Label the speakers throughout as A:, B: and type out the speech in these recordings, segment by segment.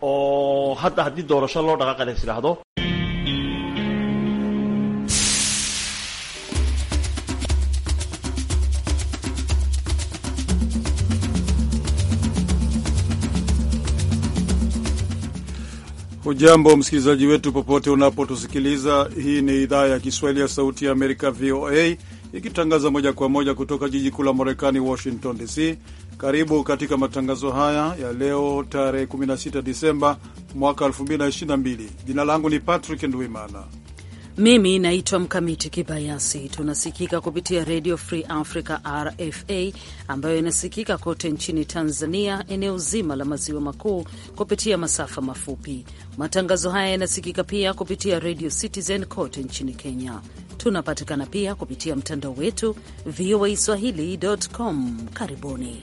A: oo hadda haddii doorasho loo dhaqaaqale is
B: Ujambo msikilizaji wetu popote unapotusikiliza, hii ni idhaa ya Kiswahili ya Sauti ya Amerika, VOA ikitangaza moja kwa moja kutoka jiji kuu la Marekani, Washington DC. Karibu katika matangazo haya ya leo tarehe 16 Disemba mwaka 2022. Jina langu ni Patrick Ndwimana
C: mimi naitwa Mkamiti Kibayasi. Tunasikika kupitia Radio Free Africa, RFA, ambayo inasikika kote nchini Tanzania, eneo zima la maziwa makuu kupitia masafa mafupi. Matangazo haya yanasikika pia kupitia Radio Citizen kote nchini Kenya. Tunapatikana pia kupitia mtandao wetu voa swahili.com. Karibuni.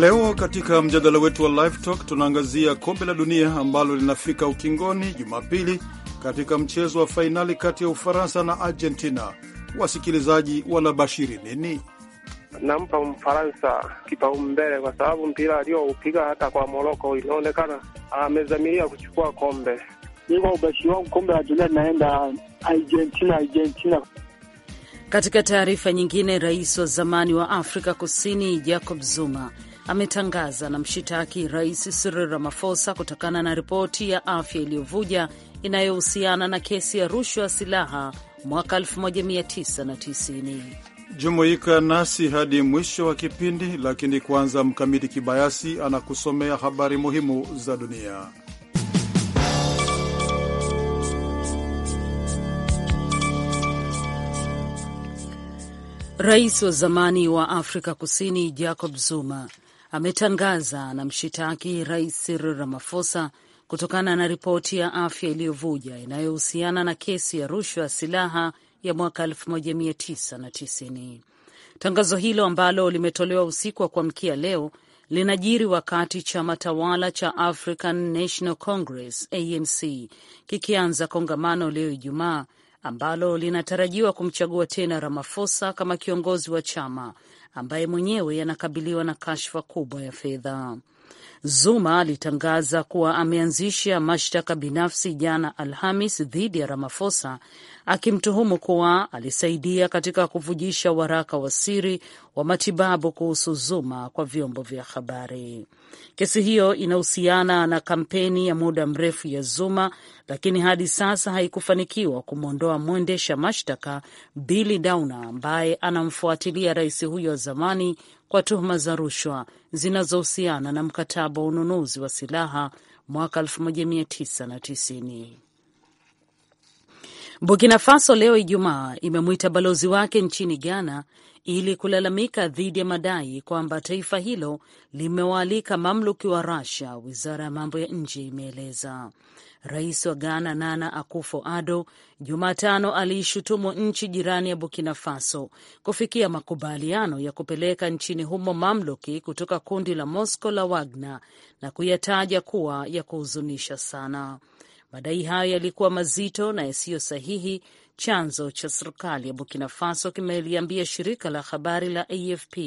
B: Leo katika mjadala wetu wa Live Talk tunaangazia kombe la dunia ambalo linafika ukingoni Jumapili katika mchezo wa fainali kati ya Ufaransa na Argentina. Wasikilizaji wanabashiri nini?
A: Nampa Mfaransa kipaumbele kwa sababu mpira aliyoupiga hata kwa Moroko inaonekana amezamiria kuchukua kombe. Kwa ubashiri wangu kombe la dunia linaenda Argentina, Argentina.
C: Katika taarifa nyingine, rais wa zamani wa Afrika Kusini Jacob Zuma ametangaza na mshitaki Rais Cyril Ramaphosa kutokana na ripoti ya afya iliyovuja inayohusiana na kesi ya rushwa ya silaha mwaka 1990.
B: Jumuika nasi hadi mwisho wa kipindi, lakini kwanza Mkamiti Kibayasi anakusomea habari muhimu za dunia.
C: Rais wa zamani wa Afrika Kusini Jacob Zuma ametangaza na mshitaki Rais Cyril Ramaphosa kutokana na ripoti ya afya iliyovuja inayohusiana na kesi ya rushwa ya silaha ya mwaka 1990. Tangazo hilo ambalo limetolewa usiku wa kuamkia leo linajiri wakati chama tawala cha African National Congress ANC kikianza kongamano leo Ijumaa ambalo linatarajiwa kumchagua tena Ramaphosa kama kiongozi wa chama ambaye mwenyewe anakabiliwa na kashfa kubwa ya fedha. Zuma alitangaza kuwa ameanzisha mashtaka binafsi jana Alhamis dhidi ya ramafosa akimtuhumu kuwa alisaidia katika kuvujisha waraka wa siri wa matibabu kuhusu Zuma kwa vyombo vya habari. Kesi hiyo inahusiana na kampeni ya muda mrefu ya Zuma, lakini hadi sasa haikufanikiwa kumwondoa mwendesha mashtaka Billy Downer ambaye anamfuatilia rais huyo wa zamani kwa tuhuma za rushwa zinazohusiana na mkataba wa ununuzi wa silaha mwaka 1990. Burkina Faso leo Ijumaa imemwita balozi wake nchini Ghana ili kulalamika dhidi ya madai kwamba taifa hilo limewaalika mamluki wa rasia Wizara ya mambo ya nje imeeleza rais wa Ghana Nana akufo ado Jumatano aliishutumu nchi jirani ya Burkina Faso kufikia makubaliano ya kupeleka nchini humo mamluki kutoka kundi la mosco la Wagner na kuyataja kuwa ya kuhuzunisha sana. Madai hayo yalikuwa mazito na yasiyo sahihi, chanzo cha serikali ya Burkina Faso kimeliambia shirika la habari la AFP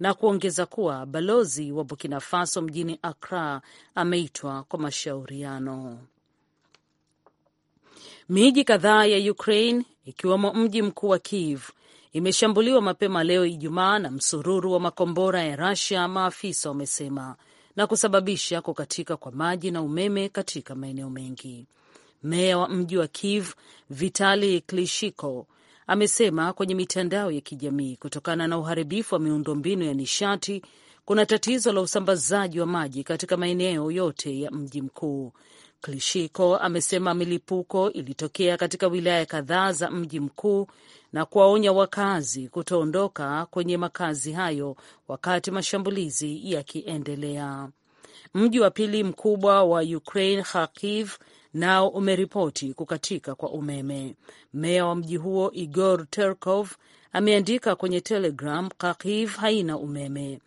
C: na kuongeza kuwa balozi wa Burkina Faso mjini Accra ameitwa kwa mashauriano. Miji kadhaa ya Ukraine ikiwemo mji mkuu wa Kiev imeshambuliwa mapema leo Ijumaa na msururu wa makombora ya rasia maafisa wamesema na kusababisha kukatika kwa maji na umeme katika maeneo mengi. Meya wa mji wa Kiev Vitali klishiko amesema kwenye mitandao ya kijamii, kutokana na uharibifu wa miundombinu ya nishati kuna tatizo la usambazaji wa maji katika maeneo yote ya mji mkuu. klishiko amesema milipuko ilitokea katika wilaya kadhaa za mji mkuu na kuwaonya wakazi kutoondoka kwenye makazi hayo wakati mashambulizi yakiendelea. Mji wa pili mkubwa wa Ukraine, Kharkiv, nao umeripoti kukatika kwa umeme. Meya wa mji huo Igor Terkov ameandika kwenye Telegram, Kharkiv haina umeme.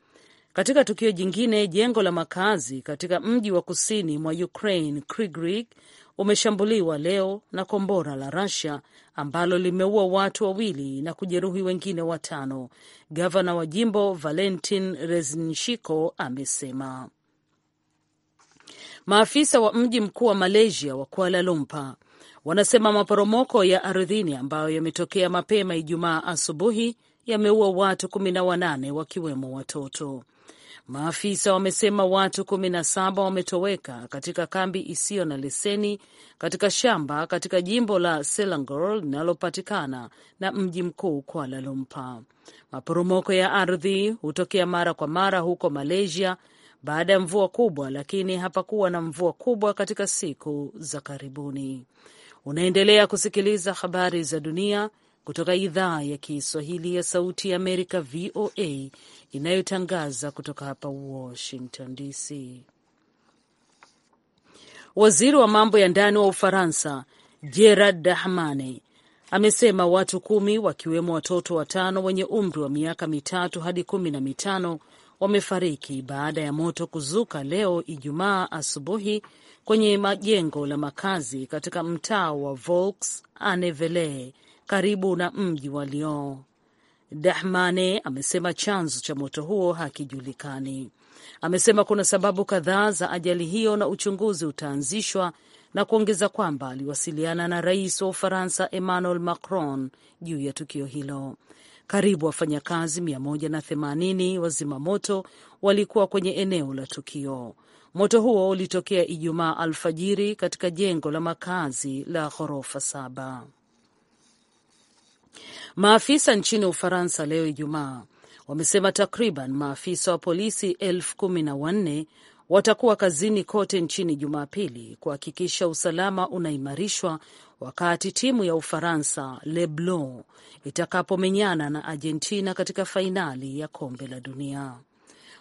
C: Katika tukio jingine, jengo la makazi katika mji wa kusini mwa Ukraine Kryvyi umeshambuliwa leo na kombora la rasia ambalo limeua watu wawili na kujeruhi wengine watano, gavana wa jimbo Valentin Reznishiko amesema. Maafisa wa mji mkuu wa Malaysia wa Kuala Lumpur wanasema maporomoko ya ardhini ambayo yametokea mapema Ijumaa asubuhi yameua watu kumi na wanane wakiwemo watoto. Maafisa wamesema watu kumi na saba wametoweka katika kambi isiyo na leseni katika shamba katika jimbo la Selangor linalopatikana na mji mkuu Kuala Lumpur. Maporomoko ya ardhi hutokea mara kwa mara huko Malaysia baada ya mvua kubwa, lakini hapakuwa na mvua kubwa katika siku za karibuni. Unaendelea kusikiliza habari za dunia kutoka idhaa ya Kiswahili ya Sauti ya Amerika, VOA, inayotangaza kutoka hapa Washington DC. Waziri wa mambo ya ndani wa Ufaransa Gerard Dahmane amesema watu kumi wakiwemo watoto watano wenye umri wa miaka mitatu hadi kumi na mitano wamefariki baada ya moto kuzuka leo Ijumaa asubuhi kwenye majengo la makazi katika mtaa wa Volks Anneville karibu na mji wa Lyon. Dahmane amesema chanzo cha moto huo hakijulikani. Amesema kuna sababu kadhaa za ajali hiyo na uchunguzi utaanzishwa, na kuongeza kwamba aliwasiliana na rais wa Ufaransa Emmanuel Macron juu ya tukio hilo. Karibu wafanyakazi 180 wa zimamoto walikuwa kwenye eneo la tukio. Moto huo ulitokea Ijumaa alfajiri katika jengo la makazi la ghorofa saba. Maafisa nchini Ufaransa leo Ijumaa wamesema takriban maafisa wa polisi elfu kumi na wanne watakuwa kazini kote nchini Jumapili kuhakikisha usalama unaimarishwa wakati timu ya Ufaransa le blon itakapomenyana na Argentina katika fainali ya kombe la dunia.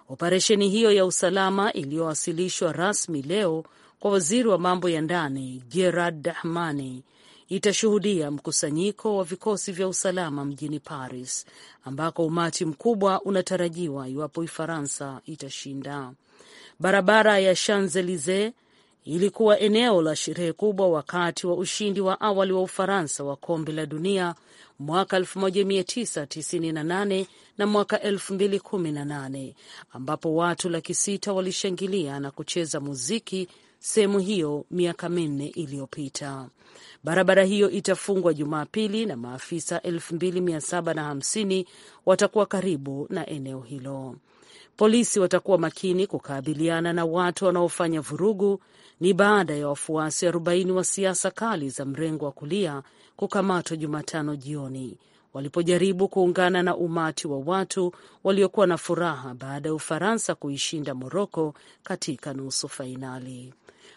C: Operesheni hiyo ya usalama iliyowasilishwa rasmi leo kwa waziri wa mambo ya ndani Gerard Dahmani itashuhudia mkusanyiko wa vikosi vya usalama mjini Paris ambako umati mkubwa unatarajiwa iwapo Ufaransa itashinda. Barabara ya Champs-Elysees ilikuwa eneo la sherehe kubwa wakati wa ushindi wa awali wa Ufaransa wa kombe la dunia mwaka 1998 na mwaka 2018 ambapo watu laki sita walishangilia na kucheza muziki sehemu hiyo miaka minne iliyopita. Barabara hiyo itafungwa Jumapili na maafisa 2750 watakuwa karibu na eneo hilo. Polisi watakuwa makini kukabiliana na watu wanaofanya vurugu. Ni baada ya wafuasi 40 wa siasa kali za mrengo wa kulia kukamatwa Jumatano jioni walipojaribu kuungana na umati wa watu waliokuwa na furaha baada ya Ufaransa kuishinda Moroko katika nusu fainali.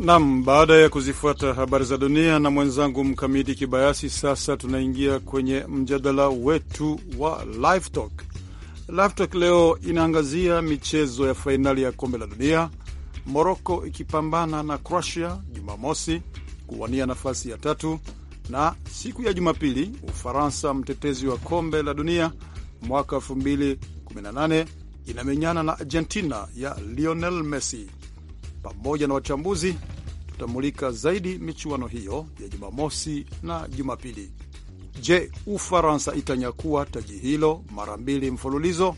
B: Nam, baada ya kuzifuata habari za dunia na mwenzangu Mkamiti Kibayasi, sasa tunaingia kwenye mjadala wetu wa Live Talk. Live Talk leo inaangazia michezo ya fainali ya kombe la dunia, Moroko ikipambana na Croatia Jumamosi kuwania nafasi ya tatu, na siku ya Jumapili Ufaransa, mtetezi wa kombe la dunia mwaka 2018 inamenyana na Argentina ya Lionel Messi pamoja na wachambuzi. Tutamulika zaidi michuano hiyo ya Jumamosi na Jumapili. Je, Ufaransa itanyakua taji hilo mara mbili mfululizo?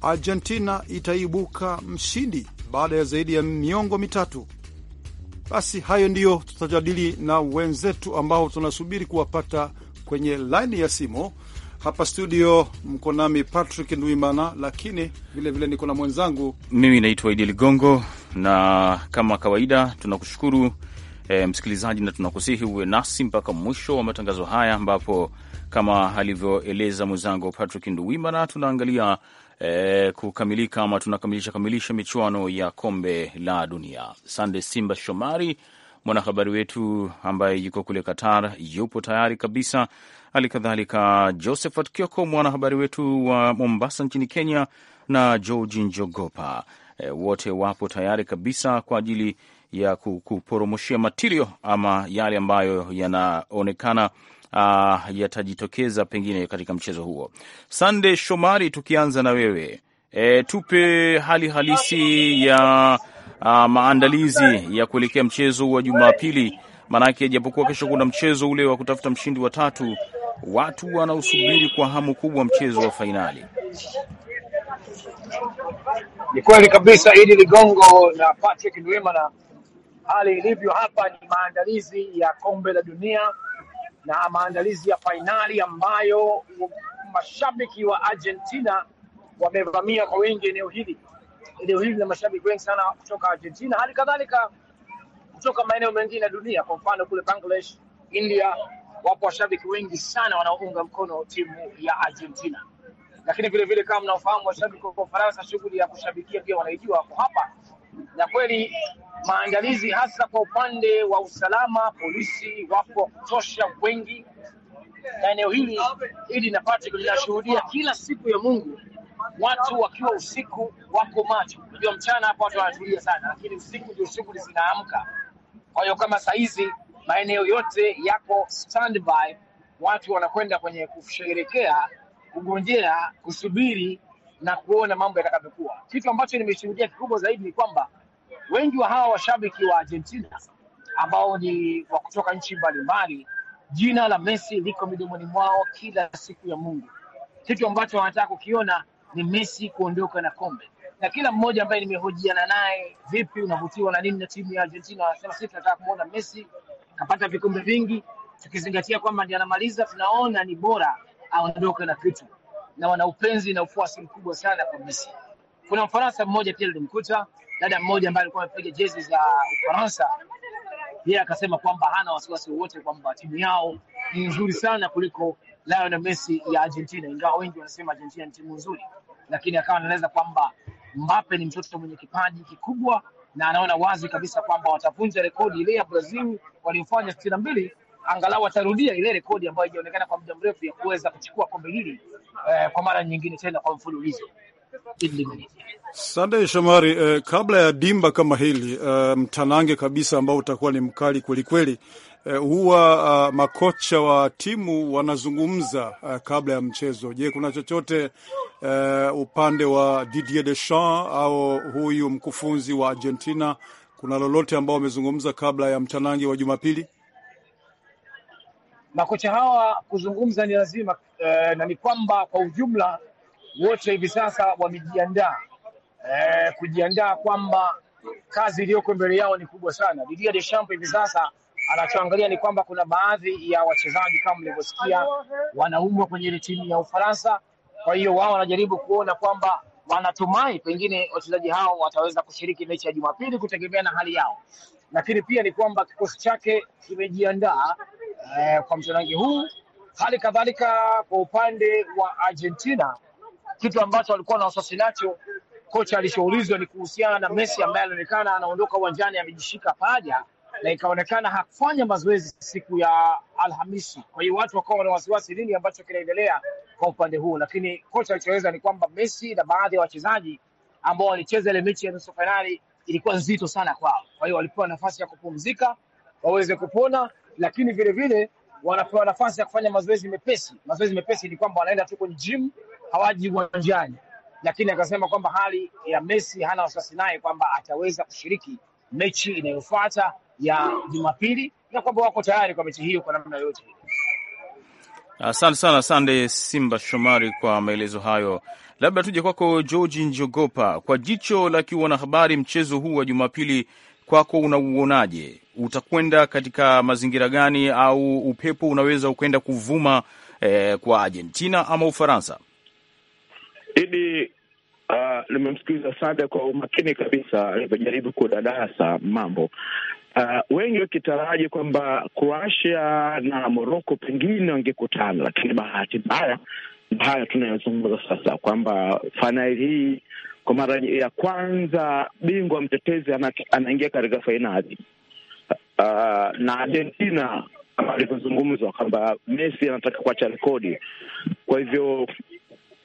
B: Argentina itaibuka mshindi baada ya zaidi ya miongo mitatu? Basi hayo ndiyo tutajadili na wenzetu ambao tunasubiri kuwapata kwenye laini ya simu. Hapa studio mko nami Patrick Ndwimana, lakini vilevile niko na mwenzangu.
D: Mimi naitwa Idi Ligongo na kama kawaida tunakushukuru e, msikilizaji, na tunakusihi uwe nasi mpaka mwisho wa matangazo haya, ambapo kama alivyoeleza mwenzangu Patrick Nduwimana tunaangalia e, kukamilika ama tunakamilisha kamilisha michuano ya kombe la dunia. Sande Simba Shomari, mwanahabari wetu ambaye yuko kule Qatar, yupo tayari kabisa. Hali kadhalika Josephat Kioko, mwanahabari wetu wa Mombasa nchini Kenya, na Georgi Njogopa e, wote wapo tayari kabisa kwa ajili ya kuporomoshia matirio ama yale ambayo yanaonekana uh, yatajitokeza pengine katika mchezo huo. Sande Shomari, tukianza na wewe e, tupe hali halisi ya uh, maandalizi ya kuelekea mchezo wa Jumapili, maanake japokuwa kesho kuna mchezo ule wa kutafuta mshindi wa tatu, watu wanaosubiri kwa hamu kubwa mchezo wa fainali.
E: Ni kweli kabisa, Idi Ligongo na Patrick Ndwimana, hali ilivyo hapa ni maandalizi ya kombe la dunia na maandalizi ya fainali ambayo mashabiki wa Argentina wamevamia kwa wingi eneo hili. Eneo hili na mashabiki wengi sana kutoka Argentina, hali kadhalika kutoka maeneo mengine ya dunia. Kwa mfano kule Bangladesh, India, wapo washabiki wengi sana wanaounga mkono timu ya Argentina lakini vile vile kama mnaofahamu washabiki wa Ufaransa, shughuli ya kushabikia pia wanaijua hapo hapa, na kweli maandalizi hasa kwa upande wa usalama, polisi wapo kutosha wengi, na eneo hili hili na Patrick linashuhudia kila siku ya Mungu watu wakiwa usiku wako macho. Ndio mchana hapo watu wanatulia sana, lakini usiku ndio shughuli zinaamka. Kwa hiyo kama saa hizi maeneo yote yako standby, watu wanakwenda kwenye kusherekea kugonjea, kusubiri na kuona mambo yatakavyokuwa. Kitu ambacho nimeshuhudia kikubwa zaidi ni kwamba wengi wa hawa washabiki wa Argentina ambao ni wa kutoka nchi mbalimbali, jina la Messi liko midomoni mwao kila siku ya Mungu. Kitu ambacho wanataka kukiona ni Messi kuondoka na kombe, na kila mmoja ambaye nimehojiana naye, vipi, unavutiwa na nini na timu ya Argentina? Wanasema sisi tunataka kumwona Messi kapata vikombe vingi, tukizingatia kwamba ndiye anamaliza, tunaona ni bora aondoke na kitu, na wana upenzi na ufuasi mkubwa sana kwa Messi. Kuna Mfaransa mmoja pia nilimkuta dada mmoja ambaye alikuwa amepiga jezi za Ufaransa, yeye akasema kwamba hana wasiwasi wowote kwamba timu yao ni nzuri sana kuliko Lionel Messi ya Argentina, ingawa wengi wanasema Argentina ni timu nzuri, lakini akawa anaeleza kwamba Mbappe ni mtoto mwenye kipaji kikubwa na anaona wazi kabisa kwamba watavunja rekodi ile ya Brazil waliofanya sitini na mbili angalau atarudia ile rekodi ambayo haijaonekana kwa muda mrefu ya kuweza kuchukua kombe hili eh, kwa mara nyingine tena kwa mfululizo.
B: Sande Shomari, eh, kabla ya dimba kama hili eh, mtanange kabisa ambao utakuwa ni mkali kwelikweli eh, huwa uh, makocha wa timu wanazungumza uh, kabla ya mchezo. Je, kuna chochote uh, upande wa Didier Deschamps au huyu mkufunzi wa Argentina, kuna lolote ambao wamezungumza kabla ya mtanange wa Jumapili? makocha hawa kuzungumza ni lazima
E: eh, na ni kwamba kwa ujumla wote hivi sasa wamejiandaa eh, kujiandaa kwamba kazi iliyoko mbele yao ni kubwa sana. Didier Deschamps hivi sasa anachoangalia ni kwamba kuna baadhi ya wachezaji kama mlivyosikia wanaumwa kwenye ile timu ya Ufaransa. Kwa hiyo wao wanajaribu kuona kwamba wanatumai pengine wachezaji hao wataweza kushiriki mechi ya Jumapili kutegemea na hali yao, lakini pia ni kwamba kikosi chake kimejiandaa eh, kwa mtanangi huu. Hali kadhalika kwa upande wa Argentina, kitu ambacho walikuwa na wasiwasi nacho, kocha alichoulizwa ni kuhusiana na Messi ambaye alionekana anaondoka uwanjani amejishika paja na ikaonekana hakufanya mazoezi siku ya Alhamisi. Kwa hiyo watu wakawa na wasiwasi, nini ambacho kinaendelea kwa upande huu, lakini kocha alichoweza ni kwamba Messi na baadhi ya wachezaji ambao walicheza ile mechi ya nusu fainali ilikuwa nzito sana kwao, kwa hiyo walipewa nafasi ya kupumzika waweze kupona lakini vile vile wanapewa nafasi ya kufanya mazoezi mepesi. Mazoezi mepesi ni kwamba wanaenda tu kwenye gym, hawaji uwanjani. Lakini akasema kwamba hali ya Messi hana wasiwasi naye kwamba ataweza kushiriki mechi inayofuata ya Jumapili na kwamba wako tayari kwa mechi hiyo kwa namna yoyote.
D: Asante sana Sande Simba Shomari kwa maelezo hayo. Labda tuje kwako Georgi Njogopa, kwa jicho la kiwanahabari, mchezo huu wa Jumapili kwako unauonaje? Utakwenda katika mazingira gani, au upepo unaweza ukaenda kuvuma eh, kwa Argentina ama Ufaransa?
F: Idi ah, nimemsikiliza uh, Sande kwa umakini kabisa alivyojaribu kudadasa mambo. Uh, wengi wakitaraji kwamba Croatia na Morocco pengine wangekutana, lakini bahati mbaya haya tunayozungumza sasa kwamba fainali hii kwa mara ya kwanza bingwa mtetezi anaingia katika fainali uh, ah, na Argentina kama alivyozungumzwa kwamba Messi anataka kuacha rekodi. Kwa hivyo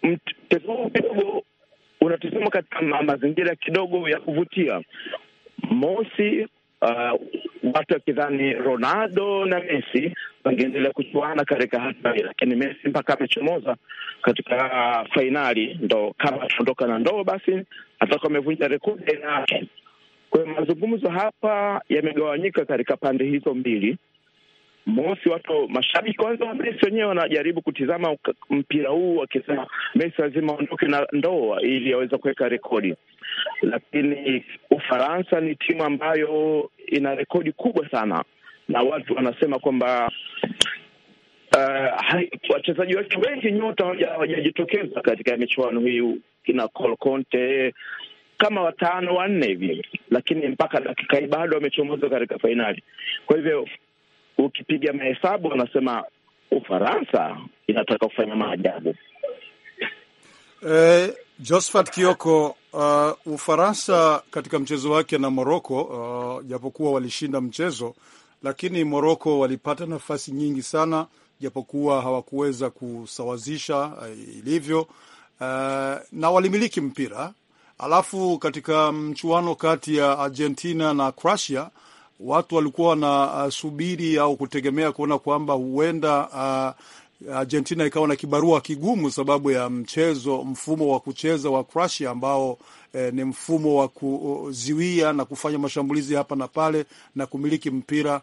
F: mchezo huu kidogo unatizama katika mazingira kidogo ya kuvutia. Mosi, uh, watu wakidhani Ronaldo na Messi wangeendelea kuchuana katika hatua hii, lakini Messi mpaka amechomoza katika uh, fainali. Ndo kama ataondoka na ndoo, basi atakuwa amevunja rekodi yake. Kwa hiyo mazungumzo hapa yamegawanyika katika pande hizo mbili mosi, watu mashabiki kwanza wa Messi wenyewe wanajaribu kutizama mpira huu wakisema Messi lazima aondoke na ndoa ili aweze kuweka rekodi, lakini Ufaransa ni timu ambayo ina rekodi kubwa sana, na watu wanasema kwamba uh, wachezaji wake wengi nyota hawajajitokeza katika michuano hii, kina Col Conte kama watano wanne hivi, lakini mpaka dakika hii bado wamechomoza katika fainali. Kwa hivyo ukipiga mahesabu wanasema Ufaransa inataka kufanya maajabu.
B: Eh, Josephat Kioko, uh, Ufaransa katika mchezo wake na Moroko, uh, japokuwa walishinda mchezo, lakini Moroko walipata nafasi nyingi sana, japokuwa hawakuweza kusawazisha uh, ilivyo uh, na walimiliki mpira. Alafu katika mchuano kati ya Argentina na Croatia watu walikuwa wanasubiri au kutegemea kuona kwamba huenda uh, Argentina ikawa na kibarua kigumu sababu ya mchezo mfumo wa kucheza wa Croatia ambao eh, ni mfumo wa kuziwia na kufanya mashambulizi hapa na pale na kumiliki mpira.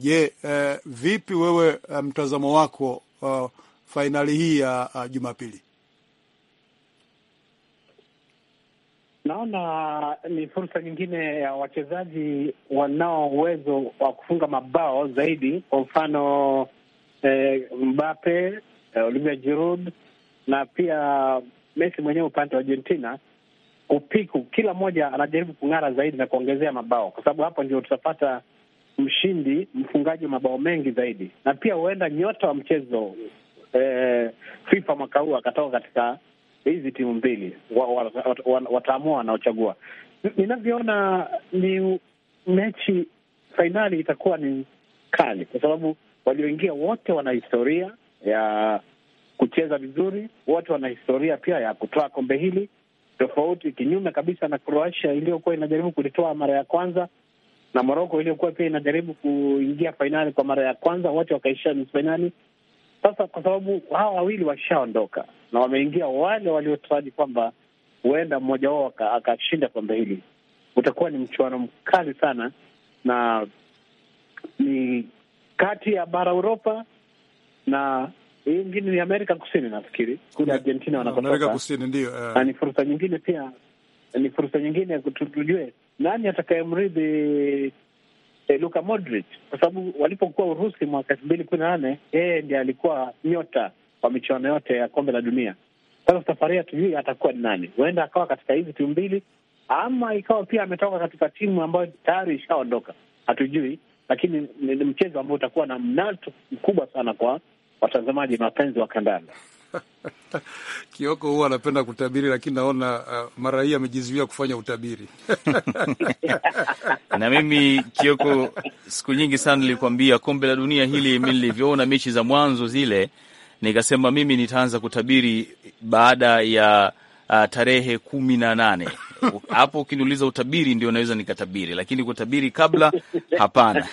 B: Je, eh, vipi wewe e, mtazamo wako uh, fainali hii ya uh, Jumapili?
A: Naona ni fursa nyingine ya wachezaji wanao uwezo wa kufunga mabao zaidi, kwa mfano eh, Mbappe, eh, Olivier Giroud na pia Messi mwenyewe upande wa Argentina upiku, kila mmoja anajaribu kung'ara zaidi na kuongezea mabao, kwa sababu hapo ndio tutapata mshindi, mfungaji wa mabao mengi zaidi, na pia huenda nyota wa mchezo eh, FIFA mwaka huu akatoka katika hizi timu mbili wataamua wanaochagua. Ninavyoona ni mechi fainali itakuwa ni kali, kwa sababu walioingia wote wana historia ya kucheza vizuri, wote wana historia pia ya kutoa kombe hili, tofauti kinyume kabisa na Croatia iliyokuwa inajaribu kulitoa mara ya kwanza na Moroko iliyokuwa pia inajaribu kuingia fainali kwa mara ya kwanza, wote wakaishia nusu fainali. Sasa kwa sababu hawa wawili washaondoka na wameingia wale waliotaraji kwamba huenda mmoja wao akashinda kombe hili, utakuwa ni mchuano mkali sana, na ni kati ya bara Uropa na hii ingine ni Amerika Kusini, nafikiri kule Argentina wanakotoka Kusini,
B: ndio uh... ni
A: fursa nyingine pia, ni fursa nyingine tujue nani atakayemridhi eh, Luka Modric kwa sababu walipokuwa Urusi mwaka elfu mbili kumi na nane yeye ndiye alikuwa nyota kwa michuano yote ya kombe la dunia. Sasa safari hatujui atakuwa ni nani, huenda akawa katika hizi timu mbili ama ikawa pia ametoka katika timu ambayo tayari ishaondoka, hatujui. Lakini ni mchezo ambao utakuwa na mnato mkubwa sana kwa watazamaji na wapenzi wa kandanda.
B: Kioko huwa anapenda kutabiri, lakini naona uh, mara hii amejizuia kufanya utabiri
D: na mimi Kioko, siku nyingi sana nilikwambia kombe la dunia hili, mi nilivyoona mechi za mwanzo zile, nikasema mimi nitaanza kutabiri baada ya uh, tarehe kumi na nane hapo ukiniuliza utabiri ndio naweza nikatabiri, lakini kutabiri kabla hapana.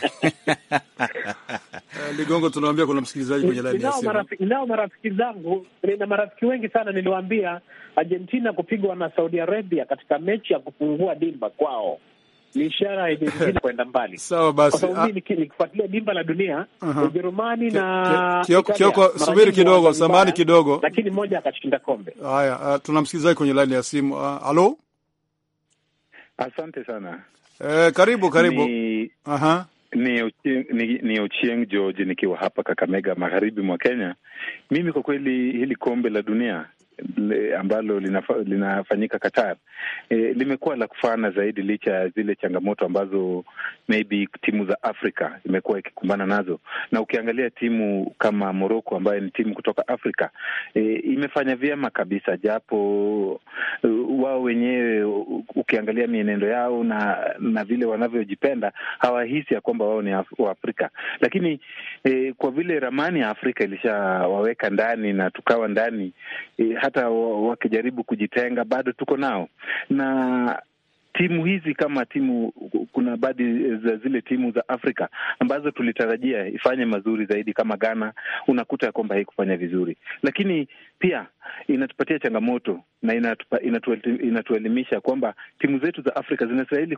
B: Eh, Ligongo, tunawambia kuna msikilizaji kwenye laini ya simu.
A: Ninao marafiki zangu, nina marafiki wengi sana niliwaambia Argentina kupigwa na Saudi Arabia katika mechi ya kufungua dimba kwao ni ishara ya kwenda mbali. Sawa basi, kwa sababu ah. nikifuatilia dimba la dunia Ujerumani na Kioko. Subiri kidogo, samani kidogo, lakini mmoja akashinda kombe.
B: Haya, ah, tuna msikilizaji kwenye laini ya simu. Halo,
G: ah, asante sana.
B: Eh, karibu karibu. ni... Aha.
G: Ni Ochieng, ni, ni Ochieng George nikiwa hapa Kakamega, magharibi mwa Kenya. Mimi kwa kweli hili kombe la dunia ambalo linafa, linafanyika Qatar e, limekuwa la kufana zaidi, licha ya zile changamoto ambazo maybe timu za Afrika imekuwa ikikumbana nazo. Na ukiangalia timu kama Morocco ambayo ni timu kutoka Afrika e, imefanya vyema kabisa, japo e, wao wenyewe ukiangalia mienendo yao na na vile wanavyojipenda hawahisi ya kwamba wao ni Waafrika, lakini e, kwa vile ramani ya Afrika ilishawaweka ndani na tukawa ndani e, hata wakijaribu kujitenga bado tuko nao na timu hizi kama timu, kuna baadhi za zile timu za Afrika ambazo tulitarajia ifanye mazuri zaidi kama Ghana, unakuta ya kwamba haikufanya vizuri, lakini pia inatupatia changamoto na inatupa, inatuelimisha kwamba timu zetu za Afrika zinastahili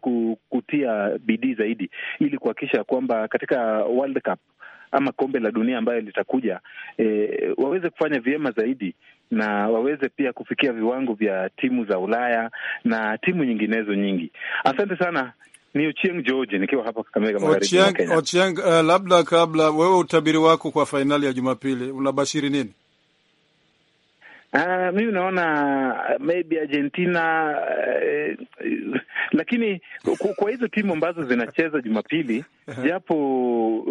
G: kutia bidii zaidi ili kuhakikisha kwamba katika World Cup ama kombe la dunia ambayo litakuja, e, waweze kufanya vyema zaidi na waweze pia kufikia viwango vya timu za Ulaya na timu nyinginezo nyingi. Asante sana. Ni Ochieng George nikiwa hapa Kakamega, magharibi Kenya.
B: Ochieng, uh, labda kabla wewe, utabiri wako kwa fainali ya Jumapili unabashiri nini?
G: Uh, mimi naona eh, maybe Argentina uh, uh, lakini kwa hizo timu ambazo zinacheza Jumapili japo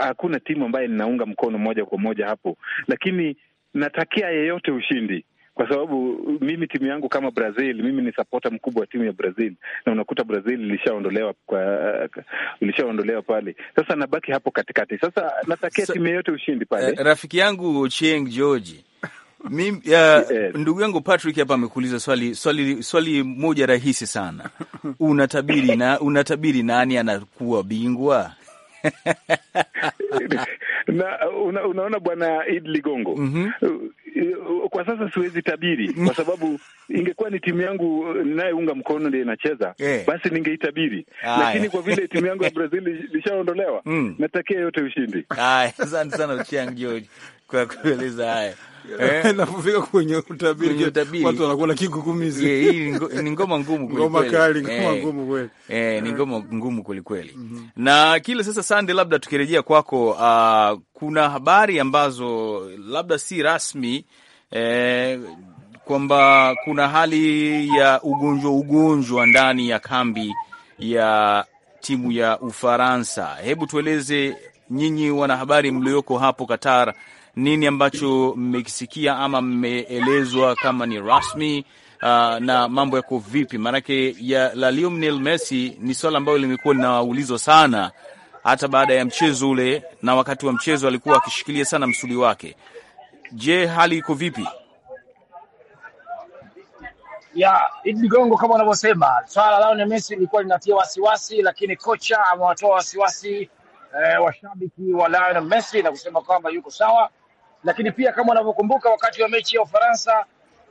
G: hakuna uh, uh, timu ambaye ninaunga mkono moja kwa moja hapo, lakini natakia yeyote ushindi kwa sababu mimi timu yangu kama Brazil, mimi ni sapota mkubwa wa timu ya Brazil na unakuta Brazil ilishaondolewa kwa uh, ilishaondolewa pale, sasa nabaki hapo katikati. Sasa natakia so, timu
D: yeyote ushindi pale. Uh, rafiki yangu cheng George mimi uh, yes. Ndugu yangu Patrick hapa amekuuliza swali swali swali moja rahisi sana unatabiri na unatabiri nani anakuwa bingwa
G: na una, unaona bwana Id Ligongo, mm -hmm. Kwa sasa siwezi tabiri kwa sababu ingekuwa ni timu yangu ninayeunga mkono ndiye inacheza yeah, basi ningeitabiri ah, lakini eh. kwa vile timu yangu ya Brazil ilishaondolewa mm, natakia yote ushindi. Asante sana Uchiang George kwa kueleza haya
B: eh, napofika kwenye utabiri watu wanakuwa na kigugumizi. Ni ngoma ngumu kweli, ngoma kali, ngoma eh. ngumu
D: kweli, eh, ni eh. ngoma ngumu kweli kweli. mm -hmm. Na kile sasa, Sande, labda tukirejea kwako, uh, kuna habari ambazo labda si rasmi eh, kwamba kuna hali ya ugonjwa ugonjwa ndani ya kambi ya timu ya Ufaransa. Hebu tueleze nyinyi wanahabari mlioko hapo Qatar nini ambacho mmekisikia ama mmeelezwa kama ni rasmi? Uh, na mambo yako vipi? Maanake ya la Lionel Messi ni swala ambayo limekuwa linaulizwa sana, hata baada ya mchezo ule na wakati wa mchezo alikuwa akishikilia sana msuli wake. Je, hali iko vipi?
E: ya Idi Ligongo, kama wanavyosema swala la Lionel Messi lilikuwa linatia wasiwasi, lakini kocha amewatoa wasiwasi eh, washabiki wa Lionel Messi na kusema kwamba yuko sawa lakini pia kama wanavyokumbuka wakati wa mechi ya Ufaransa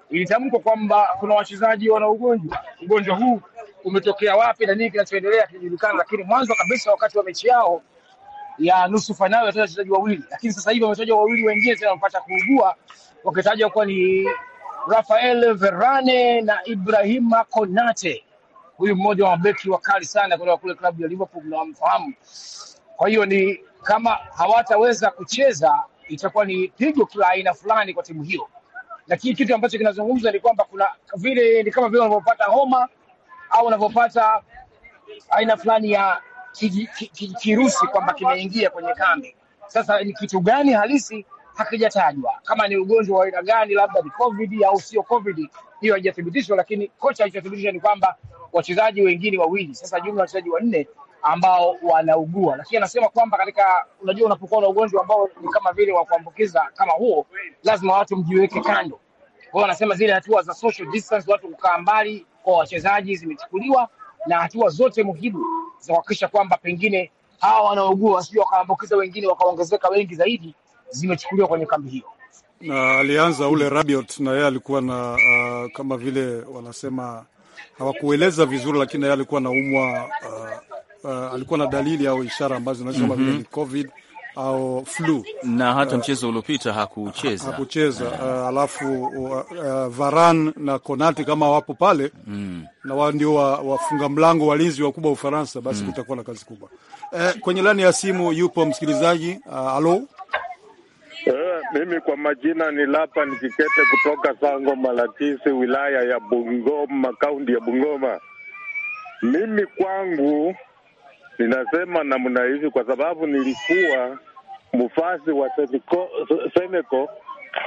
E: ilitamkwa kwamba kuna wachezaji wana ugonjwa. Ugonjwa huu umetokea wapi na nini kinachoendelea kijulikana, lakini mwanzo kabisa wakati wa mechi yao ya nusu fainali walitaja wachezaji wawili, lakini sasa hivi wametaja wawili wengine tena wamepata kuugua, wakitaja kuwa ni Rafael Verane na Ibrahima Konate. Huyu mmoja wa mabeki wakali sana kutoka kule klabu ya Liverpool, mnawamfahamu. Kwa hiyo ni kama hawataweza kucheza itakuwa ni pigo la aina fulani kwa timu hiyo, lakini kitu ambacho kinazungumzwa ni kwamba kuna vile ni kama vile unavyopata homa au unavyopata aina fulani ya kirusi kwamba kimeingia kwenye kambi. Sasa ni kitu gani halisi hakijatajwa, kama ni ugonjwa wa aina gani, labda ni covid au sio covid, hiyo haijathibitishwa. Lakini kocha alichothibitisha ni kwamba wachezaji wengine wawili, sasa jumla wachezaji wanne ambao wanaugua, lakini anasema kwamba katika, unajua, unapokuwa na ugonjwa ambao ni kama vile wa kuambukiza kama huo, lazima watu mjiweke kando. Kwa hiyo anasema zile hatua za social distance, watu kukaa mbali kwa wachezaji zimechukuliwa na hatua zote muhimu za kuhakikisha kwamba pengine hawa wanaugua wasije wakaambukiza wengine wakaongezeka wengi zaidi, zimechukuliwa kwenye kambi hiyo.
B: Na alianza ule Rabiot na yeye alikuwa na uh, kama vile wanasema hawakueleza vizuri, lakini yeye alikuwa anaumwa uh, uh, alikuwa na dalili au ishara ambazo zinasema mm -hmm. ni mhm. covid au flu na hata uh, mchezo
D: uliopita hakucheza hakucheza.
B: Uh, alafu uh, uh, Varan na konati kama wapo pale mm. na wao ndio wafunga wa mlango walinzi wakubwa wa Ufaransa, basi mm. kutakuwa na kazi kubwa uh, kwenye lani ya simu yupo msikilizaji uh, alo
G: eh, mimi kwa majina ni Lapa Nikikete kutoka Sango malatisi wilaya ya Bungoma, kaunti ya Bungoma. Mimi kwangu Ninasema namna hivi kwa sababu nilikuwa mfasi wa seneko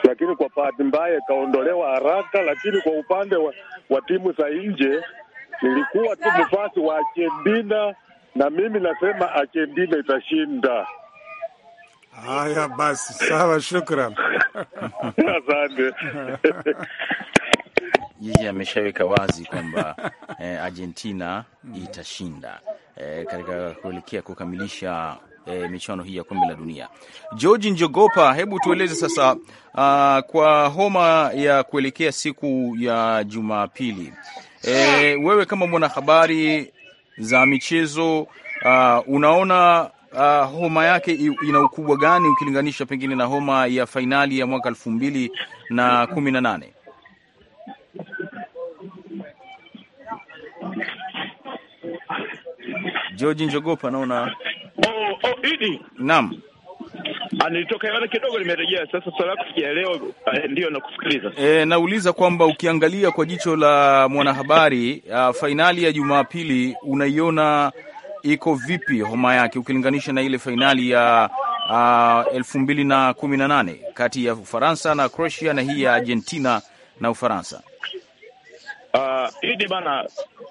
G: lakini kwa bahati mbaya kaondolewa haraka, lakini kwa upande wa, wa timu za nje nilikuwa tu mfasi wa Argentina na mimi nasema Argentina
D: itashinda.
B: Haya basi, sawa, shukran.
D: Asante. yeye ameshaweka wazi kwamba eh, Argentina itashinda eh, katika kuelekea kukamilisha eh, michuano hii ya kombe la dunia. George Njogopa, hebu tueleze sasa, uh, kwa homa ya kuelekea siku ya Jumapili, eh, wewe kama mwanahabari za michezo uh, unaona uh, homa yake ina ukubwa gani ukilinganisha pengine na homa ya fainali ya mwaka elfu mbili na kumi na nane? George Njogopa naona. Oh, oh, Idi. Naam.
F: Ah, nilitoka hewani kidogo nimerejea. Sasa swali lako sijaelewa.
D: Eh, ndio nakusikiliza. Eh, nauliza kwamba ukiangalia kwa jicho la mwanahabari uh, fainali ya Jumapili unaiona iko vipi homa yake ukilinganisha na ile fainali ya uh, elfu mbili na kumi na nane kati ya Ufaransa na Croatia na hii ya Argentina na Ufaransa?
F: Uh, Hili bana,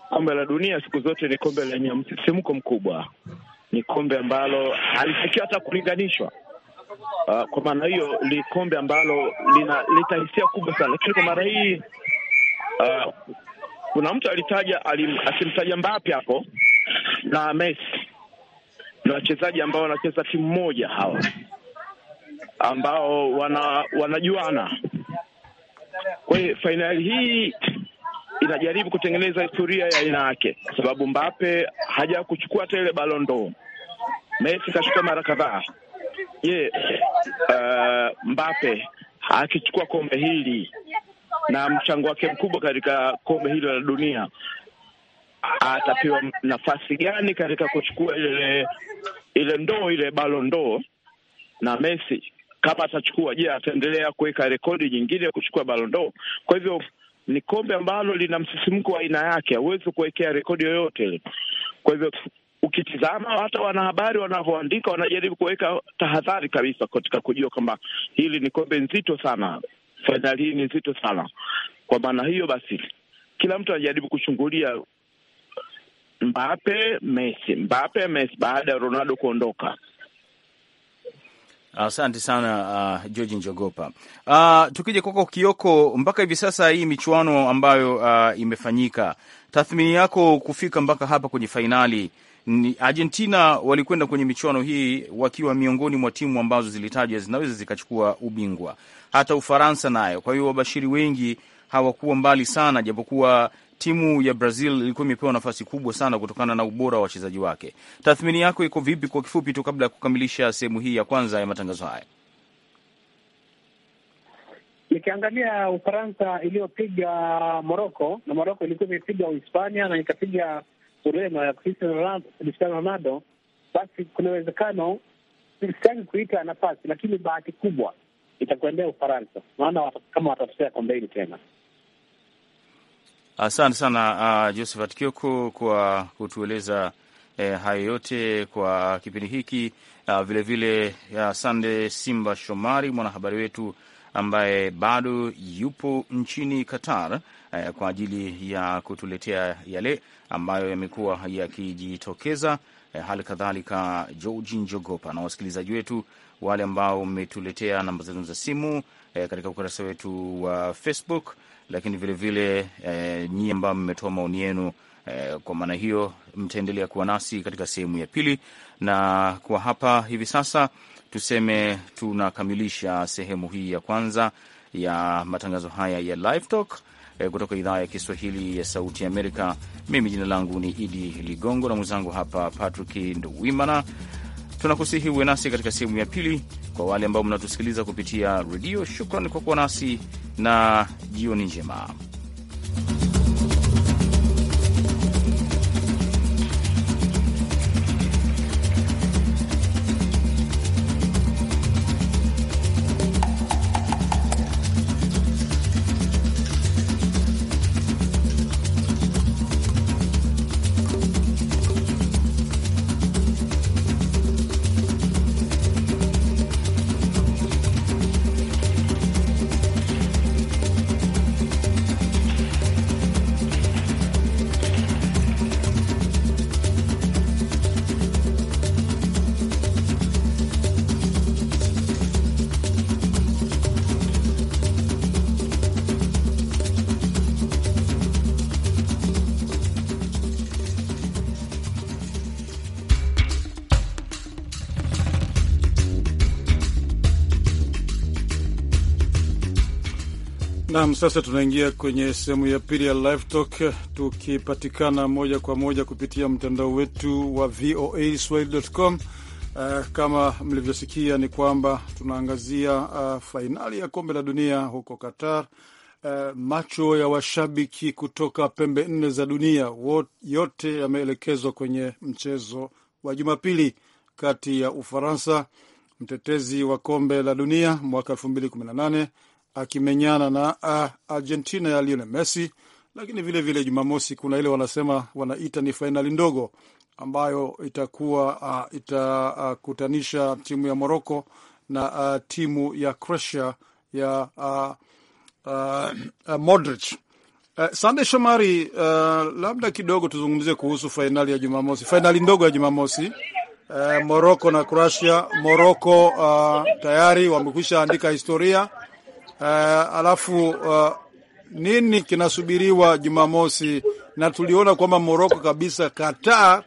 F: kombe la dunia siku zote ni kombe lenye msisimko mkubwa, ni kombe ambalo halitakiwa hata kulinganishwa. Uh, kwa maana hiyo ni kombe ambalo lina litahisia kubwa sana, lakini kwa mara hii uh, kuna mtu alitaja akimtaja Mbappe hapo na Messi na wachezaji ambao wanacheza timu moja hawa ambao wana, wanajuana. Kwa hiyo fainali hii inajaribu kutengeneza historia ya aina yake, kwa sababu Mbappe hajakuchukua hata ile d'Or. Messi kachukua mara kadhaa. Je, uh, Mbappe akichukua kombe hili na mchango wake mkubwa katika kombe hilo la dunia atapewa nafasi gani katika kuchukua ile ile ndoo ile balondoo? Na Messi kama atachukua, je, ataendelea kuweka rekodi nyingine ya kuchukua balondoo? Kwa hivyo ni kombe ambalo lina msisimko wa aina yake, hauwezi kuwekea rekodi yoyote ile. Kwa hivyo ukitizama hata wanahabari wanavyoandika, wanajaribu kuweka tahadhari kabisa katika kujua kwamba hili ni kombe nzito sana, fainali hii ni nzito sana. Kwa maana hiyo basi, kila mtu anajaribu kuchungulia Mbape Messi, Mbape Messi, baada ya Ronaldo kuondoka
D: Asante sana uh, Njogopa. Uh, tukija kwako Kioko, mpaka hivi sasa hii michuano ambayo uh, imefanyika, tathmini yako kufika mpaka hapa kwenye fainali. Argentina walikwenda kwenye michuano hii wakiwa miongoni mwa timu ambazo zilitajwa zinaweza zikachukua ubingwa, hata Ufaransa nayo. Kwa hiyo wabashiri wengi hawakuwa mbali sana, japokuwa timu ya Brazil ilikuwa imepewa nafasi kubwa sana kutokana na ubora wa wachezaji wake. Tathmini yako iko vipi, kwa kifupi tu, kabla ya kukamilisha sehemu hii ya kwanza ya matangazo haya?
A: Nikiangalia Ufaransa iliyopiga Moroko na Moroko ilikuwa imepiga Uhispania na ikapiga Ureno ya Cristiano Ronaldo, basi kuna uwezekano, sitaki kuita nafasi, lakini bahati kubwa itakuendea Ufaransa, maana kama watafutia kombe hili tena
D: Asante sana uh, Josephat Kioko kwa kutueleza eh, hayo yote kwa kipindi hiki uh, vilevile uh, Sande Simba Shomari mwanahabari wetu ambaye bado yupo nchini Qatar eh, kwa ajili ya kutuletea yale ambayo yamekuwa yakijitokeza eh, hali kadhalika Georgi Njogopa na wasikilizaji wetu wale ambao mmetuletea namba zenu za simu eh, katika ukurasa wetu wa Facebook lakini vilevile eh, nyie ambao mmetoa maoni yenu eh, kwa maana hiyo mtaendelea kuwa nasi katika sehemu ya pili, na kwa hapa hivi sasa tuseme tunakamilisha sehemu hii ya kwanza ya matangazo haya ya Live Talk eh, kutoka idhaa ya Kiswahili ya Sauti Amerika. Mimi jina langu ni Idi Ligongo na mwenzangu hapa Patrick Nduwimana Tunakusihi uwe nasi katika sehemu ya pili. Kwa wale ambao mnatusikiliza kupitia redio, shukran kwa kuwa nasi na jioni njema.
B: Naam, sasa tunaingia kwenye sehemu ya pili ya Live Talk, tukipatikana moja kwa moja kupitia mtandao wetu wa VOA swahili.com. Uh, eh, kama mlivyosikia ni kwamba tunaangazia uh, fainali ya kombe la dunia huko Qatar. Uh, macho ya washabiki kutoka pembe nne za dunia wot, yote yameelekezwa kwenye mchezo wa Jumapili kati ya Ufaransa, mtetezi wa kombe la dunia mwaka elfu mbili kumi na nane akimenyana na uh, Argentina ya Lionel Messi. Lakini vilevile Jumamosi kuna ile wanasema wanaita ni fainali ndogo ambayo itakuwa uh, itakutanisha uh, timu ya Morocco na uh, timu ya Croatia ya uh, uh, uh, Modric. Uh, Sande Shomari, uh, labda kidogo tuzungumzie kuhusu fainali ya Jumamosi, fainali ndogo ya Jumamosi. Uh, eh, Moroko na Croatia. moroco uh, tayari wamekwisha andika historia Uh, alafu uh, nini kinasubiriwa Jumamosi? Na tuliona kwamba Moroko kabisa Kataa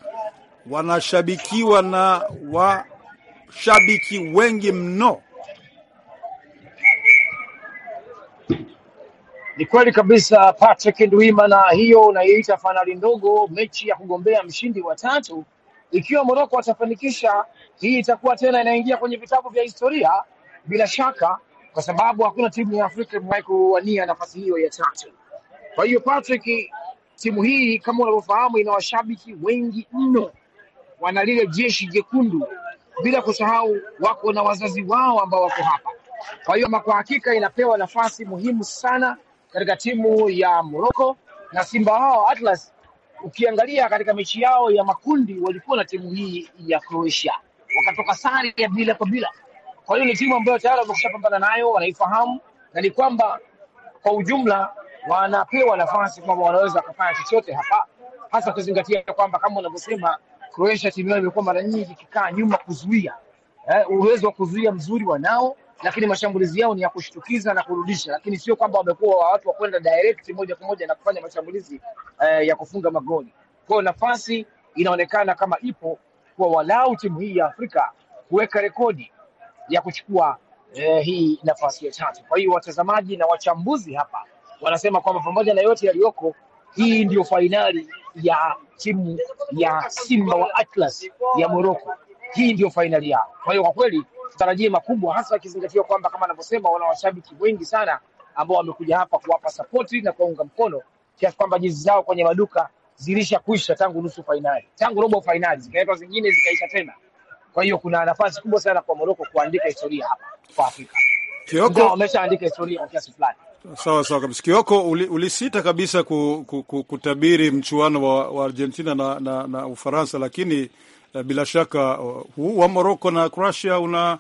B: wanashabikiwa na washabiki wengi mno.
E: Ni kweli kabisa, Patrick Ndwima, na hiyo unayoita fainali ndogo, mechi ya kugombea mshindi wa tatu. Ikiwa Moroko watafanikisha hii, itakuwa tena inaingia kwenye vitabu vya historia bila shaka kwa sababu hakuna timu ya Afrika imewahi kuwania nafasi hiyo ya tatu. Kwa hiyo Patrick, timu hii kama unavyofahamu, ina washabiki wengi mno, wana lile jeshi jekundu, bila kusahau wako na wazazi wao ambao wako hapa. Kwa hiyo kwa hakika inapewa nafasi muhimu sana katika timu ya Morocco na Simba hao Atlas. Ukiangalia katika mechi yao ya makundi walikuwa na timu hii ya Croatia, wakatoka sare ya bila kwa bila kwa hiyo ni timu ambayo tayari pambana nayo, wanaifahamu na ni kwamba kwa ujumla wanapewa nafasi kwamba wanaweza wakafanya chochote hapa, hasa ukizingatia kwamba kama unavyosema Croatia timu yao imekuwa mara nyingi ikikaa nyuma kuzuia. Eh, uwezo wa kuzuia mzuri wanao, lakini mashambulizi yao ni ya kushtukiza na kurudisha, lakini sio kwamba wamekuwa watu wa kwenda direct moja kwa moja na kufanya mashambulizi eh, ya kufunga magoli. Kwa hiyo nafasi inaonekana kama ipo kwa walau timu hii ya Afrika kuweka rekodi ya kuchukua eh, hii nafasi ya tatu. Kwa hiyo watazamaji na wachambuzi hapa wanasema kwamba pamoja na yote yaliyoko, hii ndiyo fainali ya timu ya Simba wa Atlas ya Morocco. Hii ndiyo fainali yao. Kwa hiyo kwa kweli tutarajie makubwa, hasa ikizingatiwa kwamba kama anavyosema wana washabiki wengi sana ambao wamekuja hapa kuwapa sapoti na kuwaunga mkono kiasi kwamba jezi zao kwenye maduka zilisha kuisha tangu nusu fainali, tangu robo fainali, zikaletwa zingine zikaisha tena. Kwa hiyo kuna nafasi kubwa sana kwa Morocco kuandika historia hapa kwa Afrika. Kioko ameshaandika historia kwa kiasi fulani.
B: Sawa sawa kabisa. Kioko, ulisita uli kabisa ku, ku, ku, kutabiri mchuano wa, wa Argentina na, na, na Ufaransa, lakini uh, bila shaka huu uh, wa Morocco na Croatia una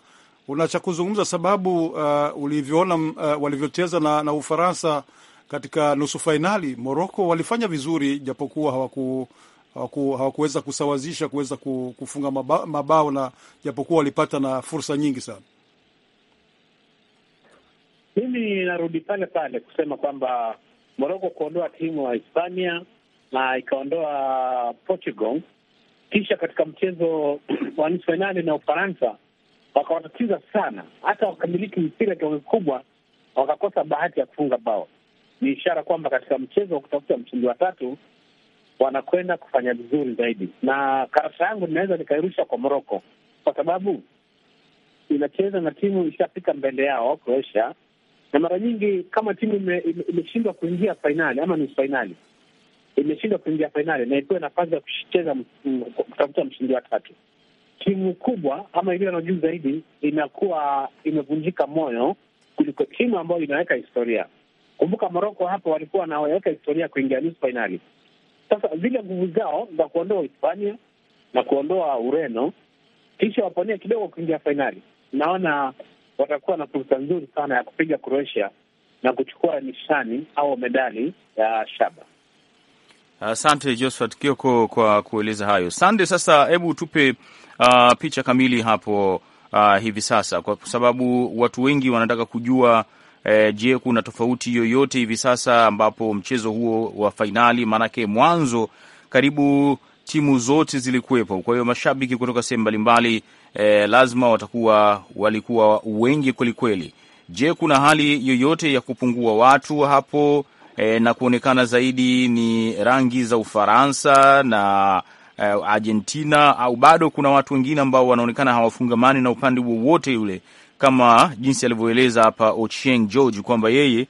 B: una cha kuzungumza sababu uh, ulivyoona uh, walivyocheza na, na Ufaransa katika nusu fainali. Morocco walifanya vizuri japokuwa hawaku hawaku, hawakuweza kusawazisha kuweza kufunga mabao, mabao na japokuwa walipata na fursa nyingi sana. Mimi narudi
A: pale pale kusema kwamba Moroko kuondoa timu ya Hispania na ikaondoa Portugal, kisha katika mchezo wa nusu fainali na Ufaransa wakawatatiza sana, hata wakamiliki mpira kiwango kikubwa, wakakosa bahati ya kufunga bao. Ni ishara kwamba katika mchezo wa kutafuta mshindi wa tatu wanakwenda kufanya vizuri zaidi, na karata yangu inaweza nikairusha kwa Moroko kwa sababu inacheza na timu ishafika mbele yao Croatia, na mara nyingi kama timu imeshindwa ime, ime kuingia fainali ama nusu fainali, imeshindwa kuingia fainali na ipewe nafasi ya kucheza kutafuta mshindi wa tatu, timu kubwa ama iliyo na juu zaidi inakuwa imevunjika moyo kuliko timu ambayo inaweka historia. Kumbuka Moroko hapo walikuwa wanaweka historia kuingia nusu fainali, sasa zile nguvu zao za kuondoa Hispania na kuondoa Ureno kisha wapania kidogo kuingia fainali, naona watakuwa na fursa nzuri sana ya kupiga Croatia na kuchukua nishani au medali ya shaba.
D: Asante Josphat Kioko kwa kueleza hayo. Sande, sasa hebu tupe uh, picha kamili hapo uh, hivi sasa, kwa sababu watu wengi wanataka kujua E, je, kuna tofauti yoyote hivi sasa ambapo mchezo huo wa fainali, maanake mwanzo karibu timu zote zilikuwepo, kwa hiyo mashabiki kutoka sehemu mbalimbali e, lazima watakuwa walikuwa wengi kwelikweli. Je, kuna hali yoyote ya kupungua watu hapo e, na kuonekana zaidi ni rangi za Ufaransa na e, Argentina, au bado kuna watu wengine ambao wanaonekana hawafungamani na upande wowote yule kama jinsi alivyoeleza hapa Ochieng George kwamba yeye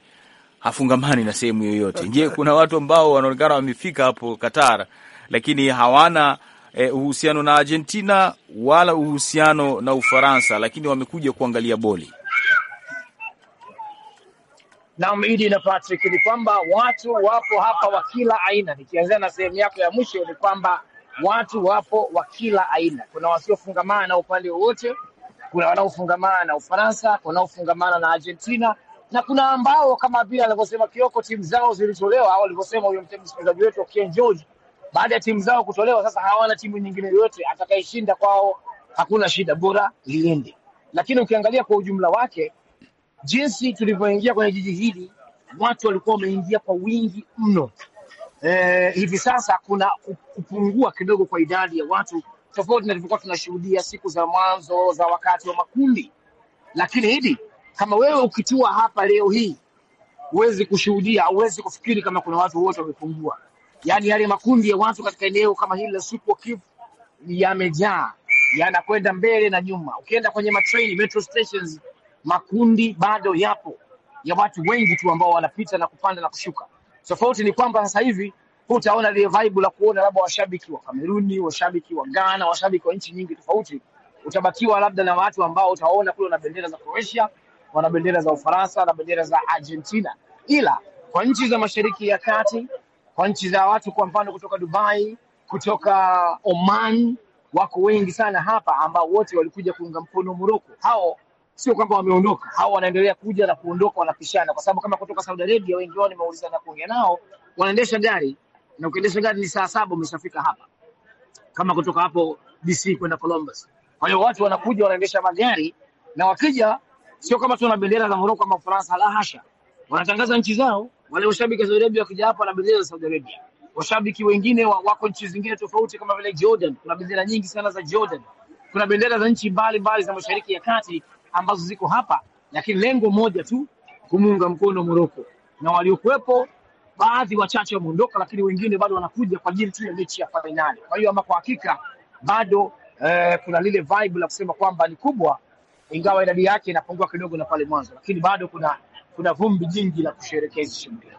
D: hafungamani na sehemu yoyote. Je, kuna watu ambao wanaonekana wamefika hapo Qatar lakini hawana e, uhusiano na Argentina wala uhusiano na Ufaransa, lakini wamekuja kuangalia boli.
E: Naam, Idi na Patrick, ni kwamba watu wapo hapa wa kila aina. Nikianzia na sehemu yako ya mwisho, ni kwamba watu wapo wa kila aina. Kuna wasiofungamana na upande wowote kuna wanaofungamana na Ufaransa, wanaofungamana na Argentina na kuna ambao kama vile alivyosema Kioko, timu zao zilitolewa au alivyosema huyo mchezaji wetu Ken George, baada ya timu zao kutolewa, sasa hawana timu nyingine yoyote. Atakayeshinda kwao hakuna shida, bora liende. Lakini ukiangalia kwa ujumla wake, jinsi tulivyoingia kwenye jiji hili, watu walikuwa wameingia kwa wingi mno. E, hivi sasa kuna kupungua kidogo kwa idadi ya watu tofauti na tulivyokuwa tunashuhudia siku za mwanzo za wakati wa makundi. Lakini hidi kama wewe ukitua hapa leo hii huwezi kushuhudia, huwezi kufikiri kama kuna watu wote wamepungua. Yaani yale makundi ya watu katika eneo kama hili la Sukwa Kivu yamejaa, yanakwenda mbele na nyuma. Ukienda kwenye matrain, metro stations, makundi bado yapo ya watu wengi tu ambao wanapita na kupanda na kushuka. Tofauti ni kwamba sasa hivi hutaona lile vibe la kuona labda washabiki wa Kameruni, washabiki wa Ghana, washabiki wa nchi nyingi tofauti. Utabakiwa labda na watu ambao utaona kule na bendera za Croatia, wana bendera za Ufaransa na bendera za Argentina. Ila kwa nchi za Mashariki ya Kati, kwa nchi za watu kwa mfano kutoka Dubai, kutoka Oman, wako wengi sana hapa ambao wote walikuja kuunga mkono Morocco. Hao sio kwamba wameondoka, hao wanaendelea kuja na kuondoka, wanapishana, kwa sababu kama kutoka Saudi Arabia, wengi wao na kuongea nao, wanaendesha gari na ukiendesha gari ni saa saba umeshafika hapa, kama kutoka hapo DC kwenda Columbus. Kwa hiyo watu wanakuja wanaendesha magari, na wakija sio kama tuna bendera za Morocco ama Ufaransa, la hasha, wanatangaza nchi zao. Wale washabiki wa Saudi Arabia wakija hapa na bendera za Saudi Arabia. Washabiki wengine wa, wako nchi zingine tofauti kama vile Jordan, kuna bendera nyingi sana za Jordan, kuna bendera za nchi mbalimbali za Mashariki ya Kati ambazo ziko hapa, lakini lengo moja tu, kumuunga mkono Morocco na waliokuwepo baadhi wachache wameondoka, lakini wengine bado wanakuja kwa ajili tu ya mechi ya fainali. Kwa hiyo ama kwa hakika bado eh, kuna lile vibe la kusema kwamba ni kubwa, ingawa idadi yake inapungua kidogo na pale mwanzo, lakini bado kuna kuna vumbi jingi
B: la kusherehekea hizi shughuli.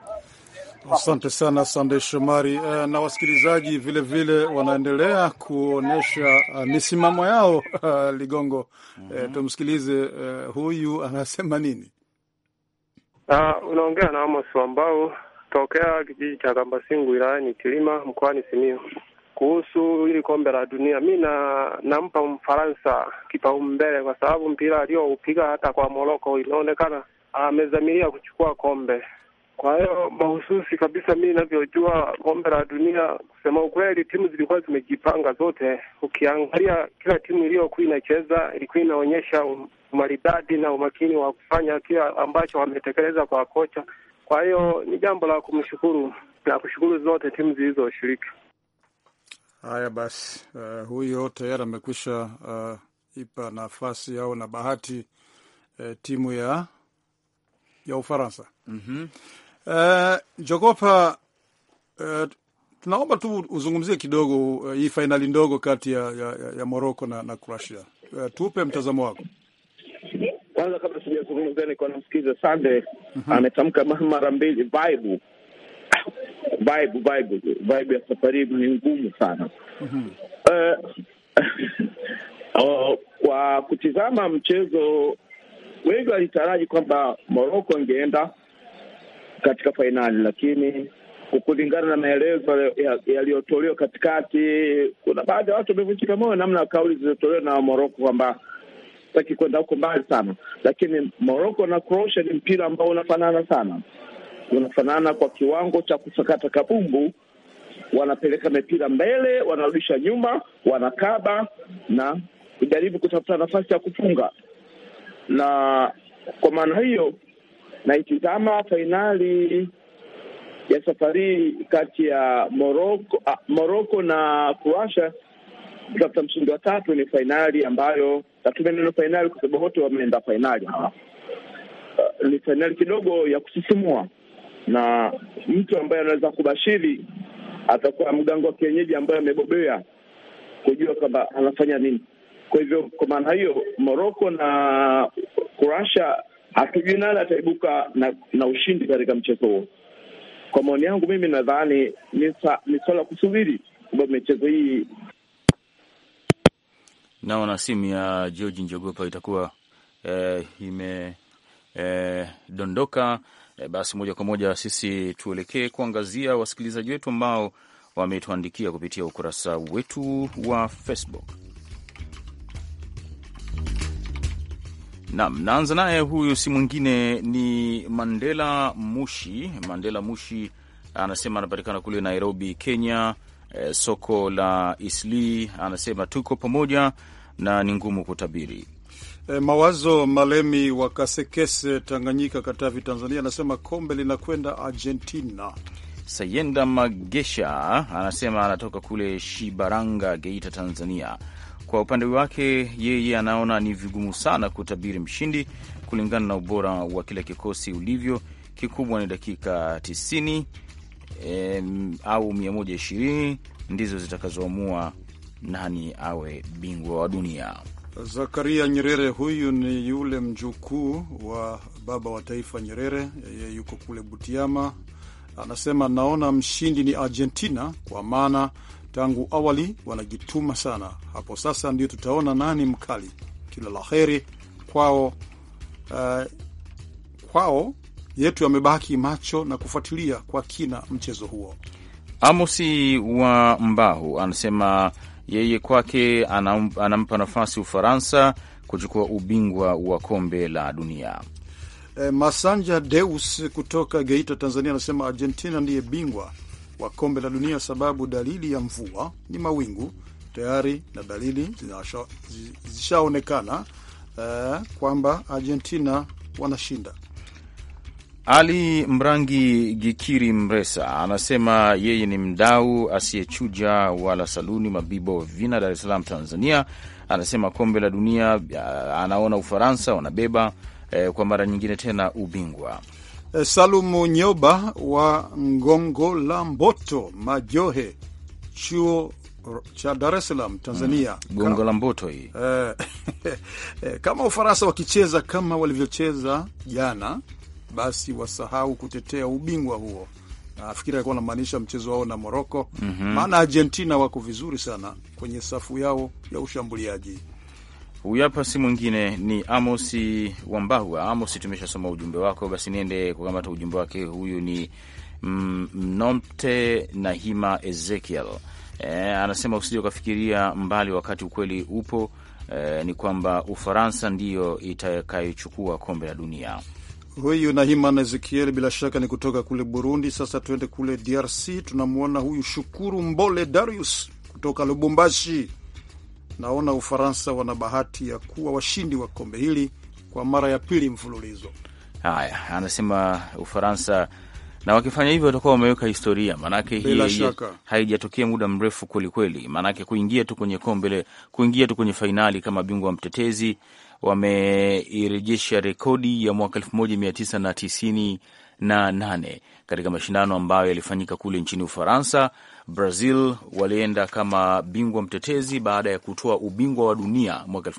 B: Asante sana Sandey Shomari. Uh, na wasikilizaji vilevile wanaendelea kuonyesha uh, eh, misimamo yao uh, Ligongo. mm -hmm. Uh, tumsikilize uh, huyu anasema nini. Uh,
A: unaongea na Amos Wambao tokea kijiji cha Kambasingu wilayani Kilima mkoani Simiyu. Kuhusu hili kombe la dunia, mi na- nampa Mfaransa kipaumbele kwa sababu mpira aliyoupiga hata kwa Moroko inaonekana amezamilia kuchukua kombe. Kwa hiyo mahususi kabisa, mi ninavyojua kombe la dunia, kusema ukweli, timu zilikuwa zimejipanga zote. Ukiangalia kila timu iliyokuwa inacheza ilikuwa inaonyesha umaridadi na umakini wa kufanya kila ambacho wametekeleza kwa kocha kwa hiyo ni jambo la kumshukuru na kushukuru zote timu zilizoshiriki.
B: Haya basi, uh, huyo tayari amekwisha uh, ipa nafasi au na bahati uh, timu ya ya Ufaransa. mm -hmm. Uh, jogopa uh, tunaomba tu uzungumzie kidogo uh, hii fainali ndogo kati ya, ya, ya Moroko na, na Croatia. Uh, tupe mtazamo wako.
F: Kwanza kabla sijazungumza, nilikuwa namsikiza Sande mhm. ametamka mara mbili vibe vibe vibe vibe ya safari ni ngumu sana mhm. eh, kwa uh, kutizama mchezo. Wengi walitaraji kwamba Morocco ingeenda katika fainali, lakini kulingana na maelezo yaliyotolewa katikati, kuna baadhi ya watu wamevunjika moyo namna kauli zilizotolewa na Morocco kwamba sitaki kwenda huko mbali sana, lakini Morocco na Croatia ni mpira ambao unafanana sana, unafanana kwa kiwango cha kusakata kabumbu. Wanapeleka mipira mbele, wanarudisha nyuma, wanakaba na kujaribu kutafuta nafasi ya kufunga. Na kwa maana hiyo naitizama fainali ya safari kati ya Morocco, ah, Morocco na Croatia kutafuta mshindi wa tatu ni fainali ambayo natumia neno fainali kwa sababu wote wameenda fainali hawa. Uh, ni fainali kidogo ya kusisimua, na mtu ambaye anaweza kubashiri atakuwa mganga wa kienyeji ambaye amebobea kujua kwamba anafanya nini. Kwa hivyo kwa maana hiyo, Moroko na Kurasha hatujui nani ataibuka na, na ushindi katika mchezo huo. Kwa maoni yangu mimi, nadhani ni swala kusubiri, sababu michezo hii
D: naona simu ya George Njogopa itakuwa eh, imedondoka. Eh, eh, basi moja kwa moja sisi tuelekee kuangazia wasikilizaji wetu ambao wametuandikia kupitia ukurasa wetu wa Facebook. Naam, naanza naye, huyu si mwingine ni Mandela Mushi. Mandela Mushi anasema anapatikana kule Nairobi, Kenya. Eh, soko la Isli anasema tuko pamoja na ni ngumu kutabiri.
B: E, mawazo Malemi wa Kasekese, Tanganyika, Katavi, Tanzania anasema kombe linakwenda Argentina.
D: Sayenda Magesha anasema anatoka kule Shibaranga, Geita, Tanzania. Kwa upande wake yeye anaona ni vigumu sana kutabiri mshindi kulingana na ubora wa kila kikosi ulivyo. Kikubwa ni dakika 90 au 120 ndizo zitakazoamua nani awe bingwa wa dunia.
B: Zakaria Nyerere huyu ni yule mjukuu wa baba wa taifa Nyerere, yeye yuko kule Butiama. Anasema naona mshindi ni Argentina kwa maana tangu awali wanajituma sana. Hapo sasa ndio tutaona nani mkali. Kila la heri kwao, uh, kwao yetu yamebaki macho na kufuatilia kwa kina mchezo huo.
D: Amosi wa Mbahu anasema yeye kwake anampa nafasi Ufaransa kuchukua ubingwa wa kombe la dunia.
B: E, Masanja Deus kutoka Geita, Tanzania anasema Argentina ndiye bingwa wa kombe la dunia sababu dalili ya mvua ni mawingu tayari na dalili zishaonekana, uh, kwamba Argentina wanashinda.
D: Ali Mrangi Gikiri Mresa anasema yeye ni mdau asiyechuja wala saluni Mabibo Vina, Dar es Salaam, Tanzania. Anasema kombe la dunia anaona Ufaransa wanabeba eh, kwa mara nyingine tena ubingwa.
B: Eh, Salumu Nyoba wa Ngongo la Mboto, Majohe, chuo cha Dar es Salaam, Tanzania.
D: Hmm, gongo la Mboto hii
B: eh, eh, kama Ufaransa wakicheza kama walivyocheza jana basi wasahau kutetea ubingwa huo. Nafikiri alikuwa anamaanisha mchezo wao na Moroko, mhm. maana mm -hmm. Argentina wako vizuri sana kwenye safu yao ya ushambuliaji.
D: Huyu hapa si mwingine ni Amosi Wambahua. Amosi, tumeshasoma ujumbe wako, basi niende kukamata ujumbe wake. Huyu ni Mnomte mm, Nahima Ezekiel. E, anasema usije ukafikiria mbali wakati ukweli upo. E, ni kwamba Ufaransa ndiyo itakayochukua kombe la dunia.
B: Huyu nahiman Ezekiel bila shaka ni kutoka kule Burundi. Sasa tuende kule DRC, tunamwona huyu Shukuru Mbole Darius kutoka Lubumbashi. Naona Ufaransa wana bahati ya kuwa washindi wa kombe hili kwa mara ya pili mfululizo.
D: Haya, anasema Ufaransa na wakifanya hivyo watakuwa wameweka historia, maanake hii haijatokea muda mrefu kwelikweli, maanake kuingia tu kwenye kombe, kuingia tu kwenye fainali kama bingwa mtetezi wameirejesha rekodi ya mwaka tisa na nane katika mashindano ambayo yalifanyika kule nchini Ufaransa. Brazil walienda kama bingwa mtetezi baada ya kutoa ubingwa wa dunia mwaka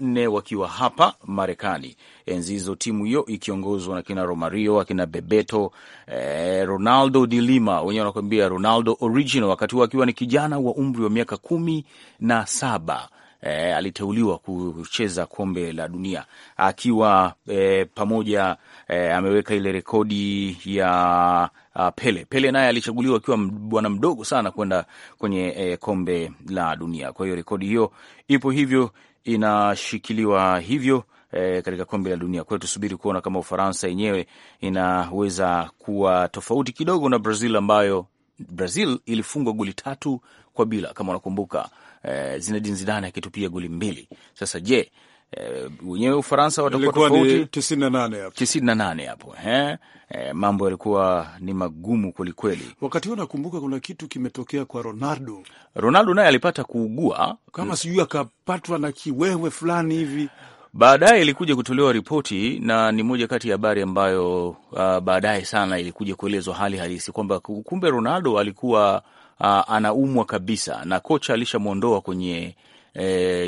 D: nne wakiwa hapa Marekani. Enzi hizo timu hiyo ikiongozwa na kina Romario, akina Bebeto, eh, Ronaldo de Lima, wenyewe wanakuambia Ronaldo original, wakati huo akiwa ni kijana wa umri wa miaka kumi na saba eh, aliteuliwa kucheza kombe la dunia akiwa eh, pamoja eh, ameweka ile rekodi ya Uh, Pele Pele naye alichaguliwa akiwa bwana mdogo sana kwenda kwenye eh, kombe la dunia. Kwa hiyo rekodi hiyo ipo hivyo, inashikiliwa hivyo E, katika kombe la dunia. Kwa hiyo tusubiri kuona kama Ufaransa yenyewe inaweza kuwa tofauti kidogo na Brazil ambayo Brazil ilifungwa goli tatu kwa bila kama unakumbuka eh, Zinedine Zidane akitupia goli mbili. Sasa je, eh, wenyewe Ufaransa watakuwa tofauti? tisini na nane hapo, tisini hapo eh? Eh, mambo yalikuwa ni magumu kwelikweli
B: wakati huo. Nakumbuka kuna kitu kimetokea kwa Ronaldo.
D: Ronaldo naye alipata kuugua kama sijui akapatwa na
B: kiwewe fulani hivi
D: baadaye ilikuja kutolewa ripoti na ni moja kati ya habari ambayo uh, baadaye sana ilikuja kuelezwa hali halisi kwamba kumbe Ronaldo alikuwa uh, anaumwa kabisa na kocha alishamwondoa kwenye e,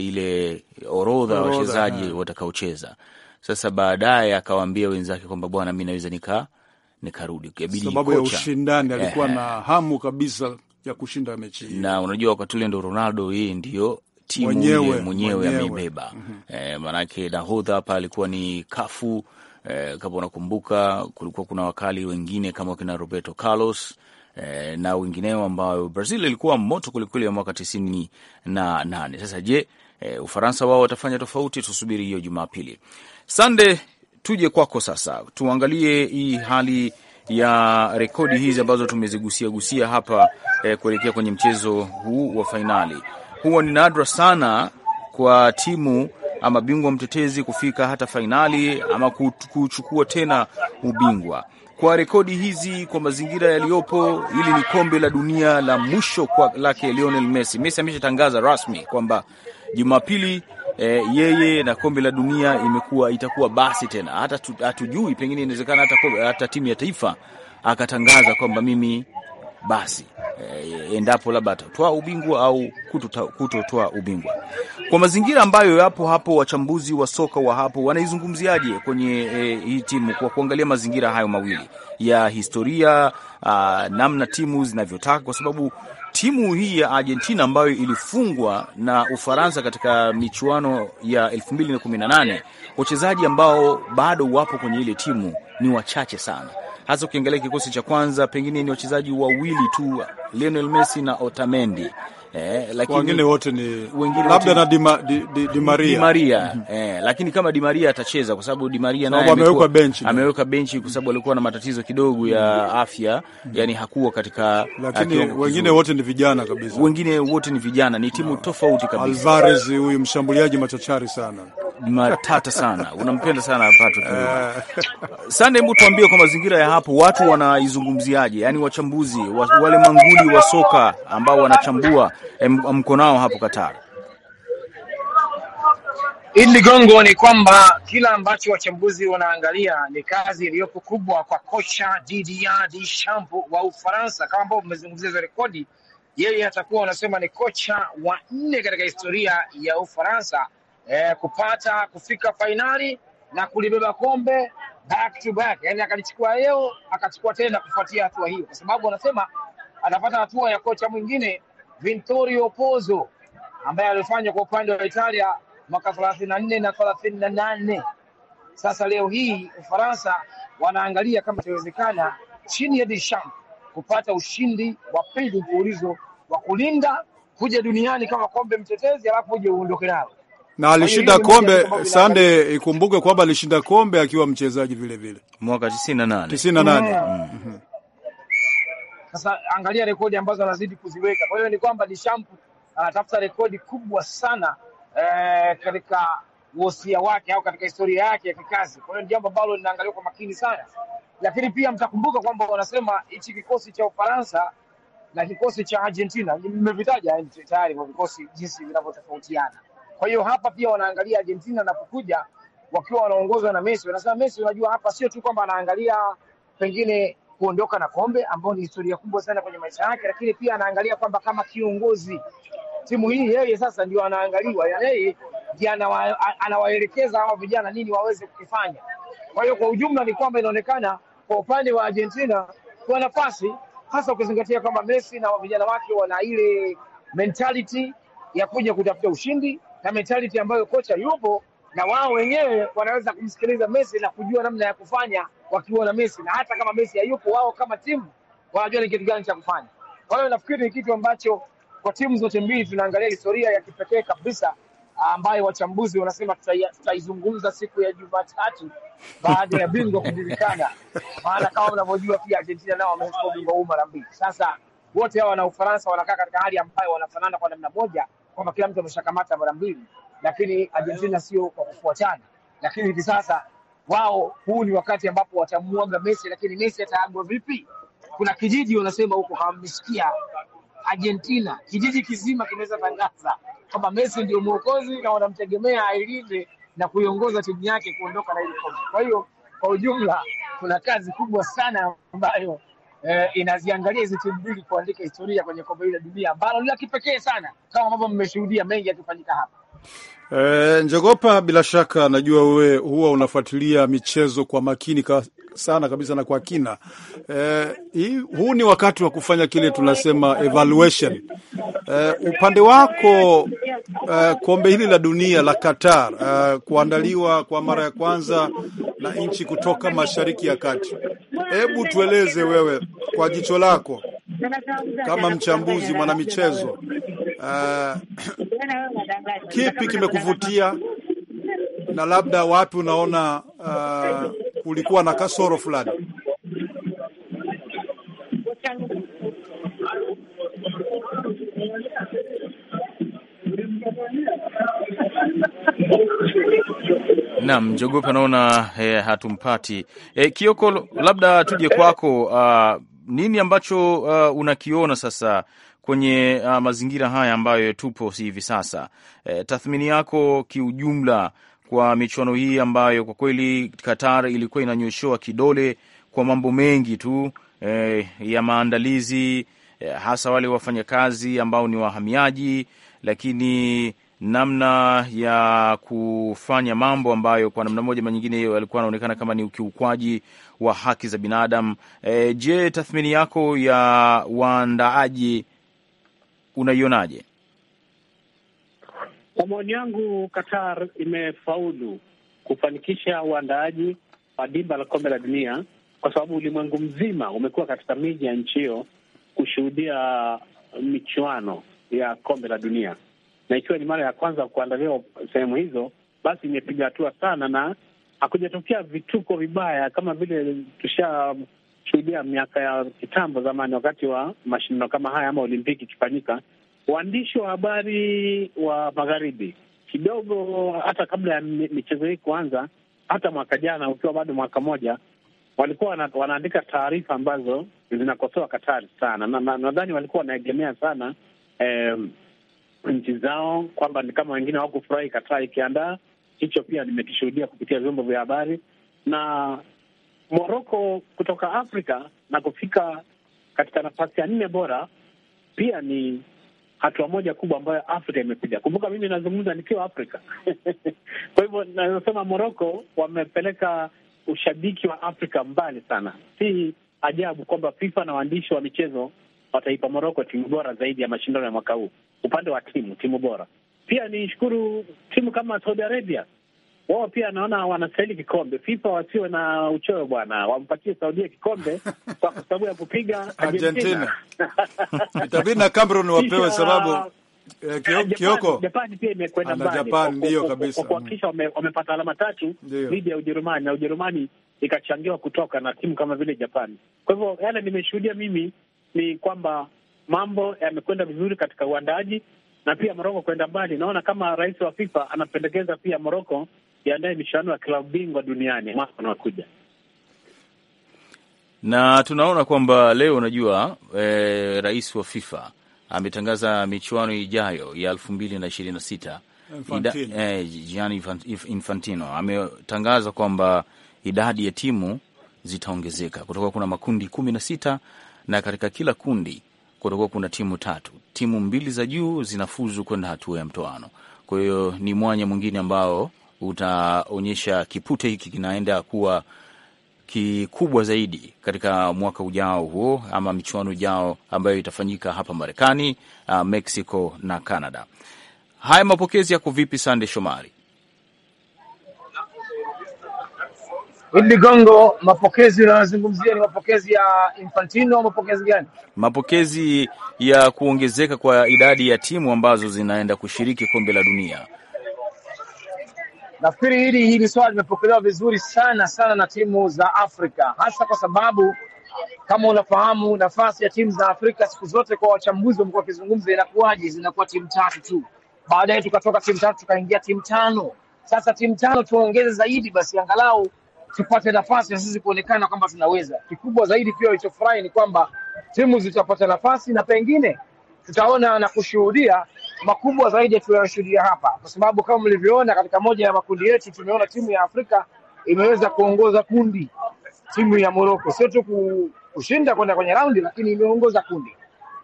D: ile orodha ya wachezaji watakaocheza. Sasa baadaye akawaambia wenzake kwamba bwana, mi naweza nika nikarudi sababu ya ushindani. Alikuwa eh, na
B: eh. hamu kabisa ya kushinda mechi hii, na
D: unajua wakati ule ndo Ronaldo hii ndiyo timu mwenyewe mwenyewe mwenyewe ameibeba. mm -hmm. E, maanake nahodha hapa alikuwa ni Kafu. E, kama unakumbuka kulikuwa kuna wakali wengine kama wakina Roberto Carlos mm Eh, na wengineo ambayo Brazil ilikuwa moto kwelikweli ya mwaka tisini na nane. Sasa je, e, Ufaransa wao watafanya tofauti? Tusubiri hiyo Jumapili. Sande, tuje kwako sasa, tuangalie hii hali ya rekodi hizi ambazo tumezigusia gusia hapa e, kuelekea kwenye mchezo huu wa fainali. Huwa ni nadra sana kwa timu ama bingwa mtetezi kufika hata fainali ama kuchukua tena ubingwa kwa rekodi hizi, kwa mazingira yaliyopo, hili ni kombe la dunia la mwisho kwa lake Lionel Messi. Messi ameshatangaza rasmi kwamba Jumapili e, yeye na kombe la dunia imekuwa itakuwa basi tena. Hata hatujui, pengine inawezekana hata, hata timu ya taifa akatangaza kwamba mimi basi e, endapo labda atatoa ubingwa au kutotoa ubingwa. Kwa mazingira ambayo yapo hapo, wachambuzi wa soka wa hapo wanaizungumziaje kwenye e, hii timu kwa kuangalia mazingira hayo mawili ya historia a, ah, namna timu zinavyotaka, kwa sababu timu hii ya Argentina ambayo ilifungwa na Ufaransa katika michuano ya 2018 wachezaji ambao bado wapo kwenye ile timu ni
B: wachache sana
D: hasa ukiangalia kikosi cha kwanza, pengine ni wachezaji wawili tu, Lionel Messi na Otamendi eh, lakini wengine wote
B: ni labda na Di Maria, Di Maria
D: mhm. eh, lakini kama Di Maria atacheza kwa sababu Di Maria naye amewekwa benchi, amewekwa benchi kwa sababu alikuwa na matatizo kidogo ya mhm. afya, yani hakuwa katika, lakini eh, wengine
B: wote ni vijana kabisa, wengine wote ni vijana, ni timu tofauti kabisa. Alvarez huyu mshambuliaji machachari sana
D: matata sana, unampenda sana Patrick Sunday. Eh. Hebu tuambie kwa mazingira ya hapo watu wanaizungumziaje, yani wachambuzi wale manguli wa soka ambao wanachambua mko nao hapo Qatar?
E: Idi Ligongo, ni kwamba kila ambacho wachambuzi wanaangalia ni kazi iliyopo kubwa kwa kocha Didier Deschamps wa Ufaransa. Kama ambavyo umezungumzia za rekodi, yeye atakuwa wanasema ni kocha wa nne katika historia ya Ufaransa eh, kupata kufika fainali na kulibeba kombe back to back, yani akalichukua leo akachukua tena kufuatia hatua hiyo, kwa sababu anasema atapata hatua ya kocha mwingine Vittorio Pozzo ambaye alifanya kwa upande wa Italia mwaka 34 na 38. Sasa leo hii Ufaransa wanaangalia kama itawezekana chini ya Deschamps kupata ushindi wa pili mfululizo wa kulinda kuja duniani kama kombe mtetezi, alafu uje uondoke nalo na alishinda kombe sande.
B: Ikumbuke kwamba alishinda kombe akiwa mchezaji vile vile mwaka 98 98.
E: Sasa angalia rekodi ambazo anazidi kuziweka. Kwa hiyo ni kwamba Deschamps anatafuta rekodi kubwa sana eh, katika uhosia wake au katika historia yake ya kikazi. Kwa hiyo ni jambo ambalo linaangaliwa kwa makini sana, lakini pia mtakumbuka kwamba wanasema hichi kikosi cha Ufaransa na kikosi cha Argentina nimevitaja eh, tayari kwa vikosi jinsi vinavyotofautiana. Kwa hiyo hapa pia wanaangalia Argentina anapokuja wakiwa wanaongozwa na Messi, wanasema Messi, unajua hapa sio tu kwamba anaangalia pengine kuondoka na kombe ambao ni historia kubwa sana kwenye maisha yake, lakini pia anaangalia kwamba kama kiongozi timu hii yeye sasa ndio anaangaliwa, yaani yeye ndiye anawaelekeza hawa vijana nini waweze kukifanya. Kwa hiyo kwa ujumla ni kwamba inaonekana kwa upande wa Argentina kwa nafasi, hasa ukizingatia kwamba Messi na vijana wake wana ile mentality ya kuja kutafuta ushindi na mentality ambayo kocha yupo na wao wenyewe wanaweza kumsikiliza Messi na kujua namna ya kufanya wakiwa na Messi, na hata kama Messi hayupo, wao kama timu wanajua ni kitu gani cha kufanya. Kwa hiyo nafikiri ni kitu ambacho kwa timu zote mbili tunaangalia historia ya kipekee kabisa ambayo wachambuzi wanasema tutaizungumza siku ya Jumatatu baada ya bingwa kujulikana, maana kama mnavyojua pia Argentina nao wamechukua ubingwa huu mara mbili. Sasa wote hawa na Ufaransa wanakaa katika hali ambayo wanafanana kwa namna moja, kwamba kila mtu ameshakamata mara mbili, lakini Argentina sio kwa kufuatana. Lakini hivi sasa wao huu ni wakati ambapo watamuaga Messi, lakini Messi ataagwa vipi? Kuna kijiji wanasema huko hawamsikia Argentina, kijiji kizima kinaweza tangaza kwamba Messi ndio mwokozi na wanamtegemea ailinde na kuiongoza timu yake kuondoka na ile kombe. Kwa hiyo kwa ujumla, kuna kazi kubwa sana ambayo eh, inaziangalia hizi timu mbili kuandika historia kwenye kombe hili la dunia ambalo ni la kipekee sana, kama ambavyo mmeshuhudia mengi yakifanyika hapa.
B: E, Njogopa, bila shaka najua wewe huwa unafuatilia michezo kwa makini ka, sana kabisa na kwa kina. E, huu ni wakati wa kufanya kile tunasema evaluation. E, upande wako e, kombe hili la dunia la Qatar e, kuandaliwa kwa mara ya kwanza na nchi kutoka Mashariki ya Kati, hebu tueleze wewe kwa jicho lako kama mchambuzi mwanamichezo, uh,
G: Kipi kimekuvutia
B: na labda wapi unaona uh, kulikuwa na kasoro fulani?
D: Naam, Njogopa, naona eh, hatumpati. Eh, Kioko, labda tuje kwako. Uh, nini ambacho uh, unakiona sasa kwenye uh, mazingira haya ambayo tupo hivi sasa, e, tathmini yako kiujumla kwa michuano hii ambayo kwa kweli Qatar ilikuwa inanyoshoa kidole kwa mambo mengi tu e, ya maandalizi e, hasa wale wafanyakazi ambao ni wahamiaji, lakini namna ya kufanya mambo ambayo kwa namna moja manyingine yalikuwa anaonekana kama ni ukiukwaji wa haki za binadamu. E, je, tathmini yako ya waandaaji unaionaje?
A: Kwa maoni yangu, Qatar imefaulu kufanikisha uandaaji wa dimba la kombe la dunia, kwa sababu ulimwengu mzima umekuwa katika miji ya nchi hiyo kushuhudia michuano ya kombe la dunia, na ikiwa ni mara ya kwanza kuandaliwa sehemu hizo, basi imepiga hatua sana na hakujatokea vituko vibaya kama vile tusha shuhudia miaka ya kitambo zamani, wakati wa mashindano kama haya ama Olimpiki ikifanyika, waandishi wa habari wa magharibi kidogo, hata kabla ya michezo hii kuanza, hata mwaka jana ukiwa bado mwaka moja, walikuwa wanaandika taarifa ambazo zinakosoa Katari sana, na nadhani walikuwa wanaegemea sana eh, nchi zao kwamba ni kama wengine hawakufurahi Katari ikiandaa. Hicho pia nimekishuhudia kupitia vyombo vya habari na Moroko kutoka Afrika na kufika katika nafasi ya nne bora pia ni hatua moja kubwa ambayo Afrika imepiga. Kumbuka mimi nazungumza nikiwa Afrika kwa hivyo nasema Moroko wamepeleka ushabiki wa Afrika mbali sana. Si ajabu kwamba FIFA na waandishi wa michezo wataipa Moroko timu bora zaidi ya mashindano ya mwaka huu, upande wa timu timu bora. Pia nishukuru timu kama Saudi Arabia wao pia naona wanastahili kikombe. FIFA wasiwe na uchoyo bwana, wampatie Saudia kikombe kwa sababu ya kupiga Argentina.
B: Itabidi na Cameroon wapewe sababu
A: Eh, eh Kio, Kioko Japani pia imekwenda mbali. Japan ndio kabisa kwa kuhakikisha wamepata alama tatu dhidi ya Ujerumani na Ujerumani ikachangiwa kutoka na timu kama vile Japani. Kwa hivyo yale nimeshuhudia mimi ni kwamba mambo yamekwenda vizuri katika uandaji na pia Moroko kwenda mbali. Naona kama rais wa FIFA anapendekeza pia Moroko iandae michuano ya klabu bingwa duniani mwaka unaokuja
D: na tunaona kwamba leo unajua, e, rais wa FIFA ametangaza michuano ijayo ya elfu mbili na ishirini na sita. Eh, Gianni Infantino ametangaza kwamba idadi ya timu zitaongezeka kutoka kuna makundi kumi na sita na katika kila kundi kutokua kuna timu tatu. Timu mbili za juu zinafuzu kwenda hatua ya mtoano. Kwa hiyo ni mwanya mwingine ambao utaonyesha kipute hiki kinaenda kuwa kikubwa zaidi katika mwaka ujao huo ama michuano ujao ambayo itafanyika hapa Marekani, uh, Mexico na Canada. Haya mapokezi yako vipi, Sande Shomari?
E: Ligongo, mapokezi unayozungumzia ni mapokezi ya Infantino, mapokezi gani?
D: Mapokezi ya kuongezeka kwa idadi ya timu ambazo zinaenda kushiriki kombe la dunia
E: Nafikiri hili hili swala limepokelewa vizuri sana sana na timu za Afrika, hasa kwa sababu kama unafahamu nafasi ya timu za Afrika siku zote kwa wachambuzi wamekuwa wakizungumza, inakuwaje zinakuwa timu tatu tu, baadaye tukatoka timu tatu tukaingia timu tano. Sasa timu tano tuongeze zaidi, basi angalau tupate nafasi na sisi kuonekana kwamba tunaweza. Kikubwa zaidi pia walichofurahi ni kwamba timu zitapata nafasi na pengine tutaona na kushuhudia makubwa zaidi tuliyoshuhudia hapa, kwa sababu kama mlivyoona katika moja ya makundi yetu, tumeona timu ya Afrika imeweza kuongoza kundi, timu ya Morocco sio tu kushinda kwenda kwenye raundi, lakini imeongoza kundi.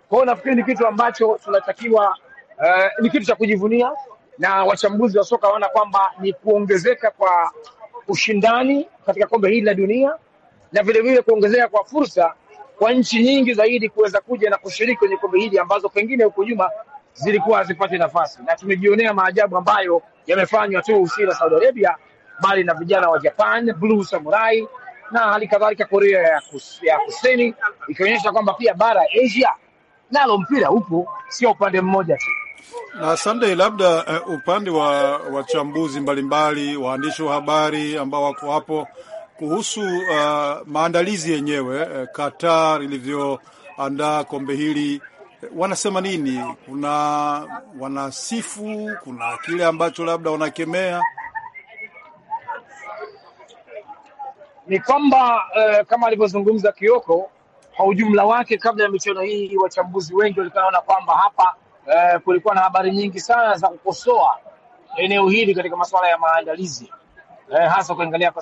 E: Kwa hiyo nafikiri ni kitu ambacho tunatakiwa uh, ni kitu cha kujivunia, na wachambuzi wa soka waona kwamba ni kuongezeka kwa ushindani katika kombe hili la dunia na vilevile kuongezeka kwa fursa kwa nchi nyingi zaidi kuweza kuja na kushiriki kwenye kombe hili ambazo pengine huko nyuma zilikuwa hazipati nafasi, na tumejionea maajabu ambayo yamefanywa tu si na Saudi Arabia, bali na vijana wa Japan Blue Samurai na hali kadhalika Korea ya, kus, ya Kusini, ikionyesha kwamba pia bara Asia nalo mpira upo, sio upande mmoja tu.
B: Na Sunday, labda uh, upande wa wachambuzi mbalimbali, waandishi wa habari ambao wako hapo kuhusu uh, maandalizi yenyewe uh, Qatar ilivyoandaa kombe hili wanasema nini? Kuna wanasifu, kuna kile ambacho labda wanakemea. Ni kwamba
E: uh, kama alivyozungumza Kioko kwa ujumla wake, kabla ya michuano hii, wachambuzi wengi walikuwa naona kwamba hapa uh, kulikuwa na habari nyingi sana za kukosoa eneo hili katika masuala ya maandalizi uh, hasa ukiangalia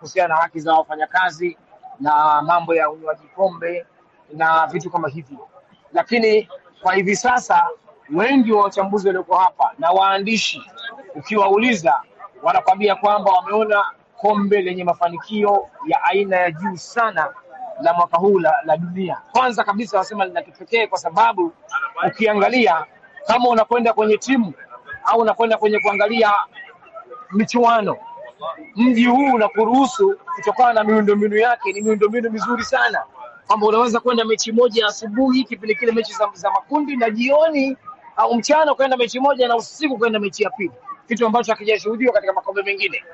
E: kuhusiana na haki za wafanyakazi na mambo ya unywaji pombe na vitu kama hivyo lakini kwa hivi sasa wengi wa wachambuzi walioko hapa na waandishi ukiwauliza, wanakwambia kwamba wameona kombe lenye mafanikio ya aina ya juu sana la mwaka huu la, la dunia. Kwanza kabisa wanasema lina kipekee kwa sababu ukiangalia kama unakwenda kwenye timu au unakwenda kwenye kuangalia michuano, mji huu unakuruhusu kutokana na miundombinu yake, ni miundombinu mizuri sana kwamba unaweza kwenda mechi moja asubuhi, kipindi kile mechi za, za makundi, na jioni au mchana ukaenda mechi moja na usiku ukaenda mechi ya pili, kitu ambacho hakijashuhudiwa katika makombe mengine.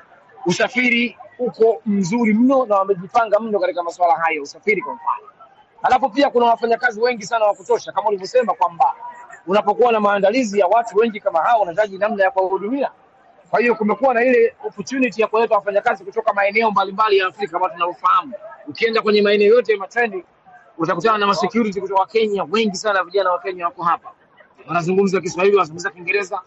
E: Usafiri uko mzuri mno na wamejipanga mno katika masuala hayo, usafiri kwa mfano. Alafu pia kuna wafanyakazi wengi sana wa kutosha, kama ulivyosema kwamba unapokuwa na maandalizi ya watu wengi kama hao, unahitaji namna ya kuwahudumia kwa hiyo kumekuwa na ile opportunity ya kuleta wafanyakazi kutoka maeneo mbalimbali ya Afrika ambayo tunaofahamu. Ukienda kwenye maeneo yote ya Matrendi utakutana na security kutoka Kenya, wengi sana vijana wa Kenya wako hapa, wanazungumza Kiswahili, wanazungumza Kiingereza.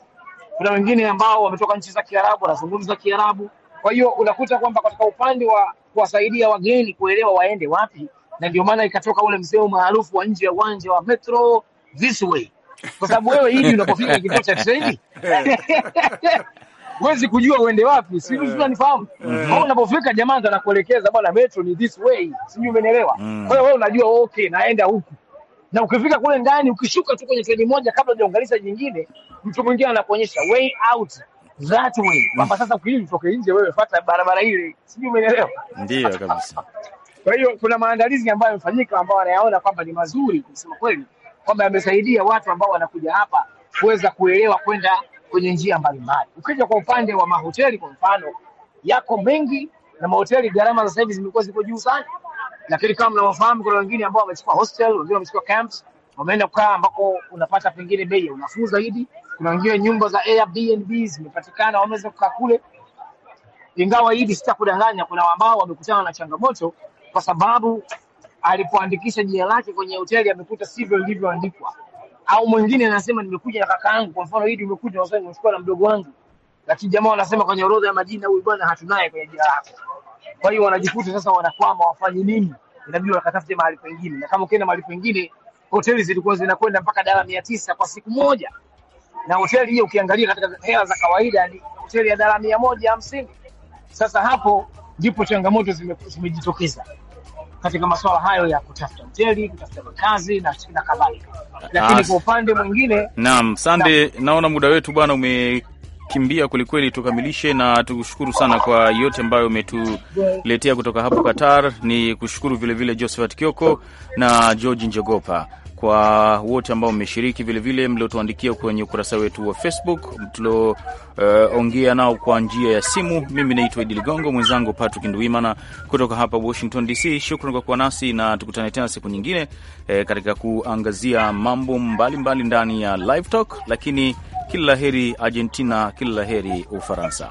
E: Kuna wengine ambao wametoka nchi za Kiarabu, wanazungumza Kiarabu. Kwa hiyo unakuta kwamba katika upande wa kuwasaidia wageni kuelewa waende wapi, na ndio maana ikatoka ule mzee maarufu wa nje ya uwanja wa Metro this way, kwa sababu wewe hivi unapofika kituo cha treni huwezi kujua uende wapi, si uh, eh. unanifahamu uh, eh. au unapofika jamaa anakuelekeza bwana, metro ni this way, sijui umenielewa. Uh, kwa hiyo wewe unajua oh, okay, naenda huku na ukifika kule ndani, ukishuka tu kwenye treni moja, kabla hujaunganisha nyingine, mtu mwingine anakuonyesha way out that way, kwamba mm. sasa ukili utoke nje, wewe fuata barabara ile, sijui umenielewa.
D: Ndio kabisa.
E: Kwa hiyo kuna maandalizi ambayo yamefanyika, ambao wanayaona kwamba ni mazuri, kusema kweli, kwamba yamesaidia watu ambao wanakuja hapa kuweza kuelewa kwenda kwenye njia mbalimbali. Ukija kwa upande wa mahoteli kwa mfano, yako mengi na mahoteli gharama za sasa hivi zimekuwa ziko juu sana, lakini kama mnavyofahamu, kuna wengine ambao wamechukua hostel, wengine wamechukua camps, wameenda kukaa ambako unapata pengine bei ya unafuu zaidi. Kuna wengine nyumba za Airbnb zimepatikana, wameweza kukaa kule, ingawa hivi sitakudanganya, kuna ambao wamekutana na changamoto kwa sababu alipoandikisha jina lake kwenye hoteli amekuta sivyo lilivyoandikwa au mwingine anasema nimekuja na kaka yangu, kwa mfano hili umekuja na swali nimechukua na mdogo wangu, lakini jamaa wanasema kwenye orodha ya majina huyu bwana hatunaye kwenye jina lako. Kwa hiyo wanajikuta sasa wanakwama, wafanye nini? Inabidi wakatafute mahali pengine, na kama ukienda mahali pengine, hoteli zilikuwa zinakwenda mpaka dala mia tisa kwa siku moja, na hoteli hiyo ukiangalia katika hela za kawaida ni hoteli ya dala mia moja hamsini. Sasa hapo ndipo changamoto zimejitokeza zime katika masuala hayo ya kutafuta hoteli, kutafuta makazi na na kadhalika. Lakini kwa upande mwingine,
D: naam, sande, naona muda wetu bwana ume kimbia kwelikweli, tukamilishe na tukushukuru sana kwa yote ambayo
E: umetuletea
D: kutoka hapo Qatar. Ni kushukuru vilevile Josephat Kioko na George Njogopa kwa wote ambao mmeshiriki, vilevile mliotuandikia kwenye ukurasa wetu wa Facebook, tulioongea uh, nao kwa njia ya simu. Mimi naitwa Idi Ligongo, mwenzangu Patrick Ndwimana kutoka hapa Washington DC. Shukran kwa kuwa nasi na tukutane tena siku nyingine eh, katika kuangazia mambo mbalimbali mbali ndani ya Live Talk, lakini kila la heri Argentina, kila la heri Ufaransa.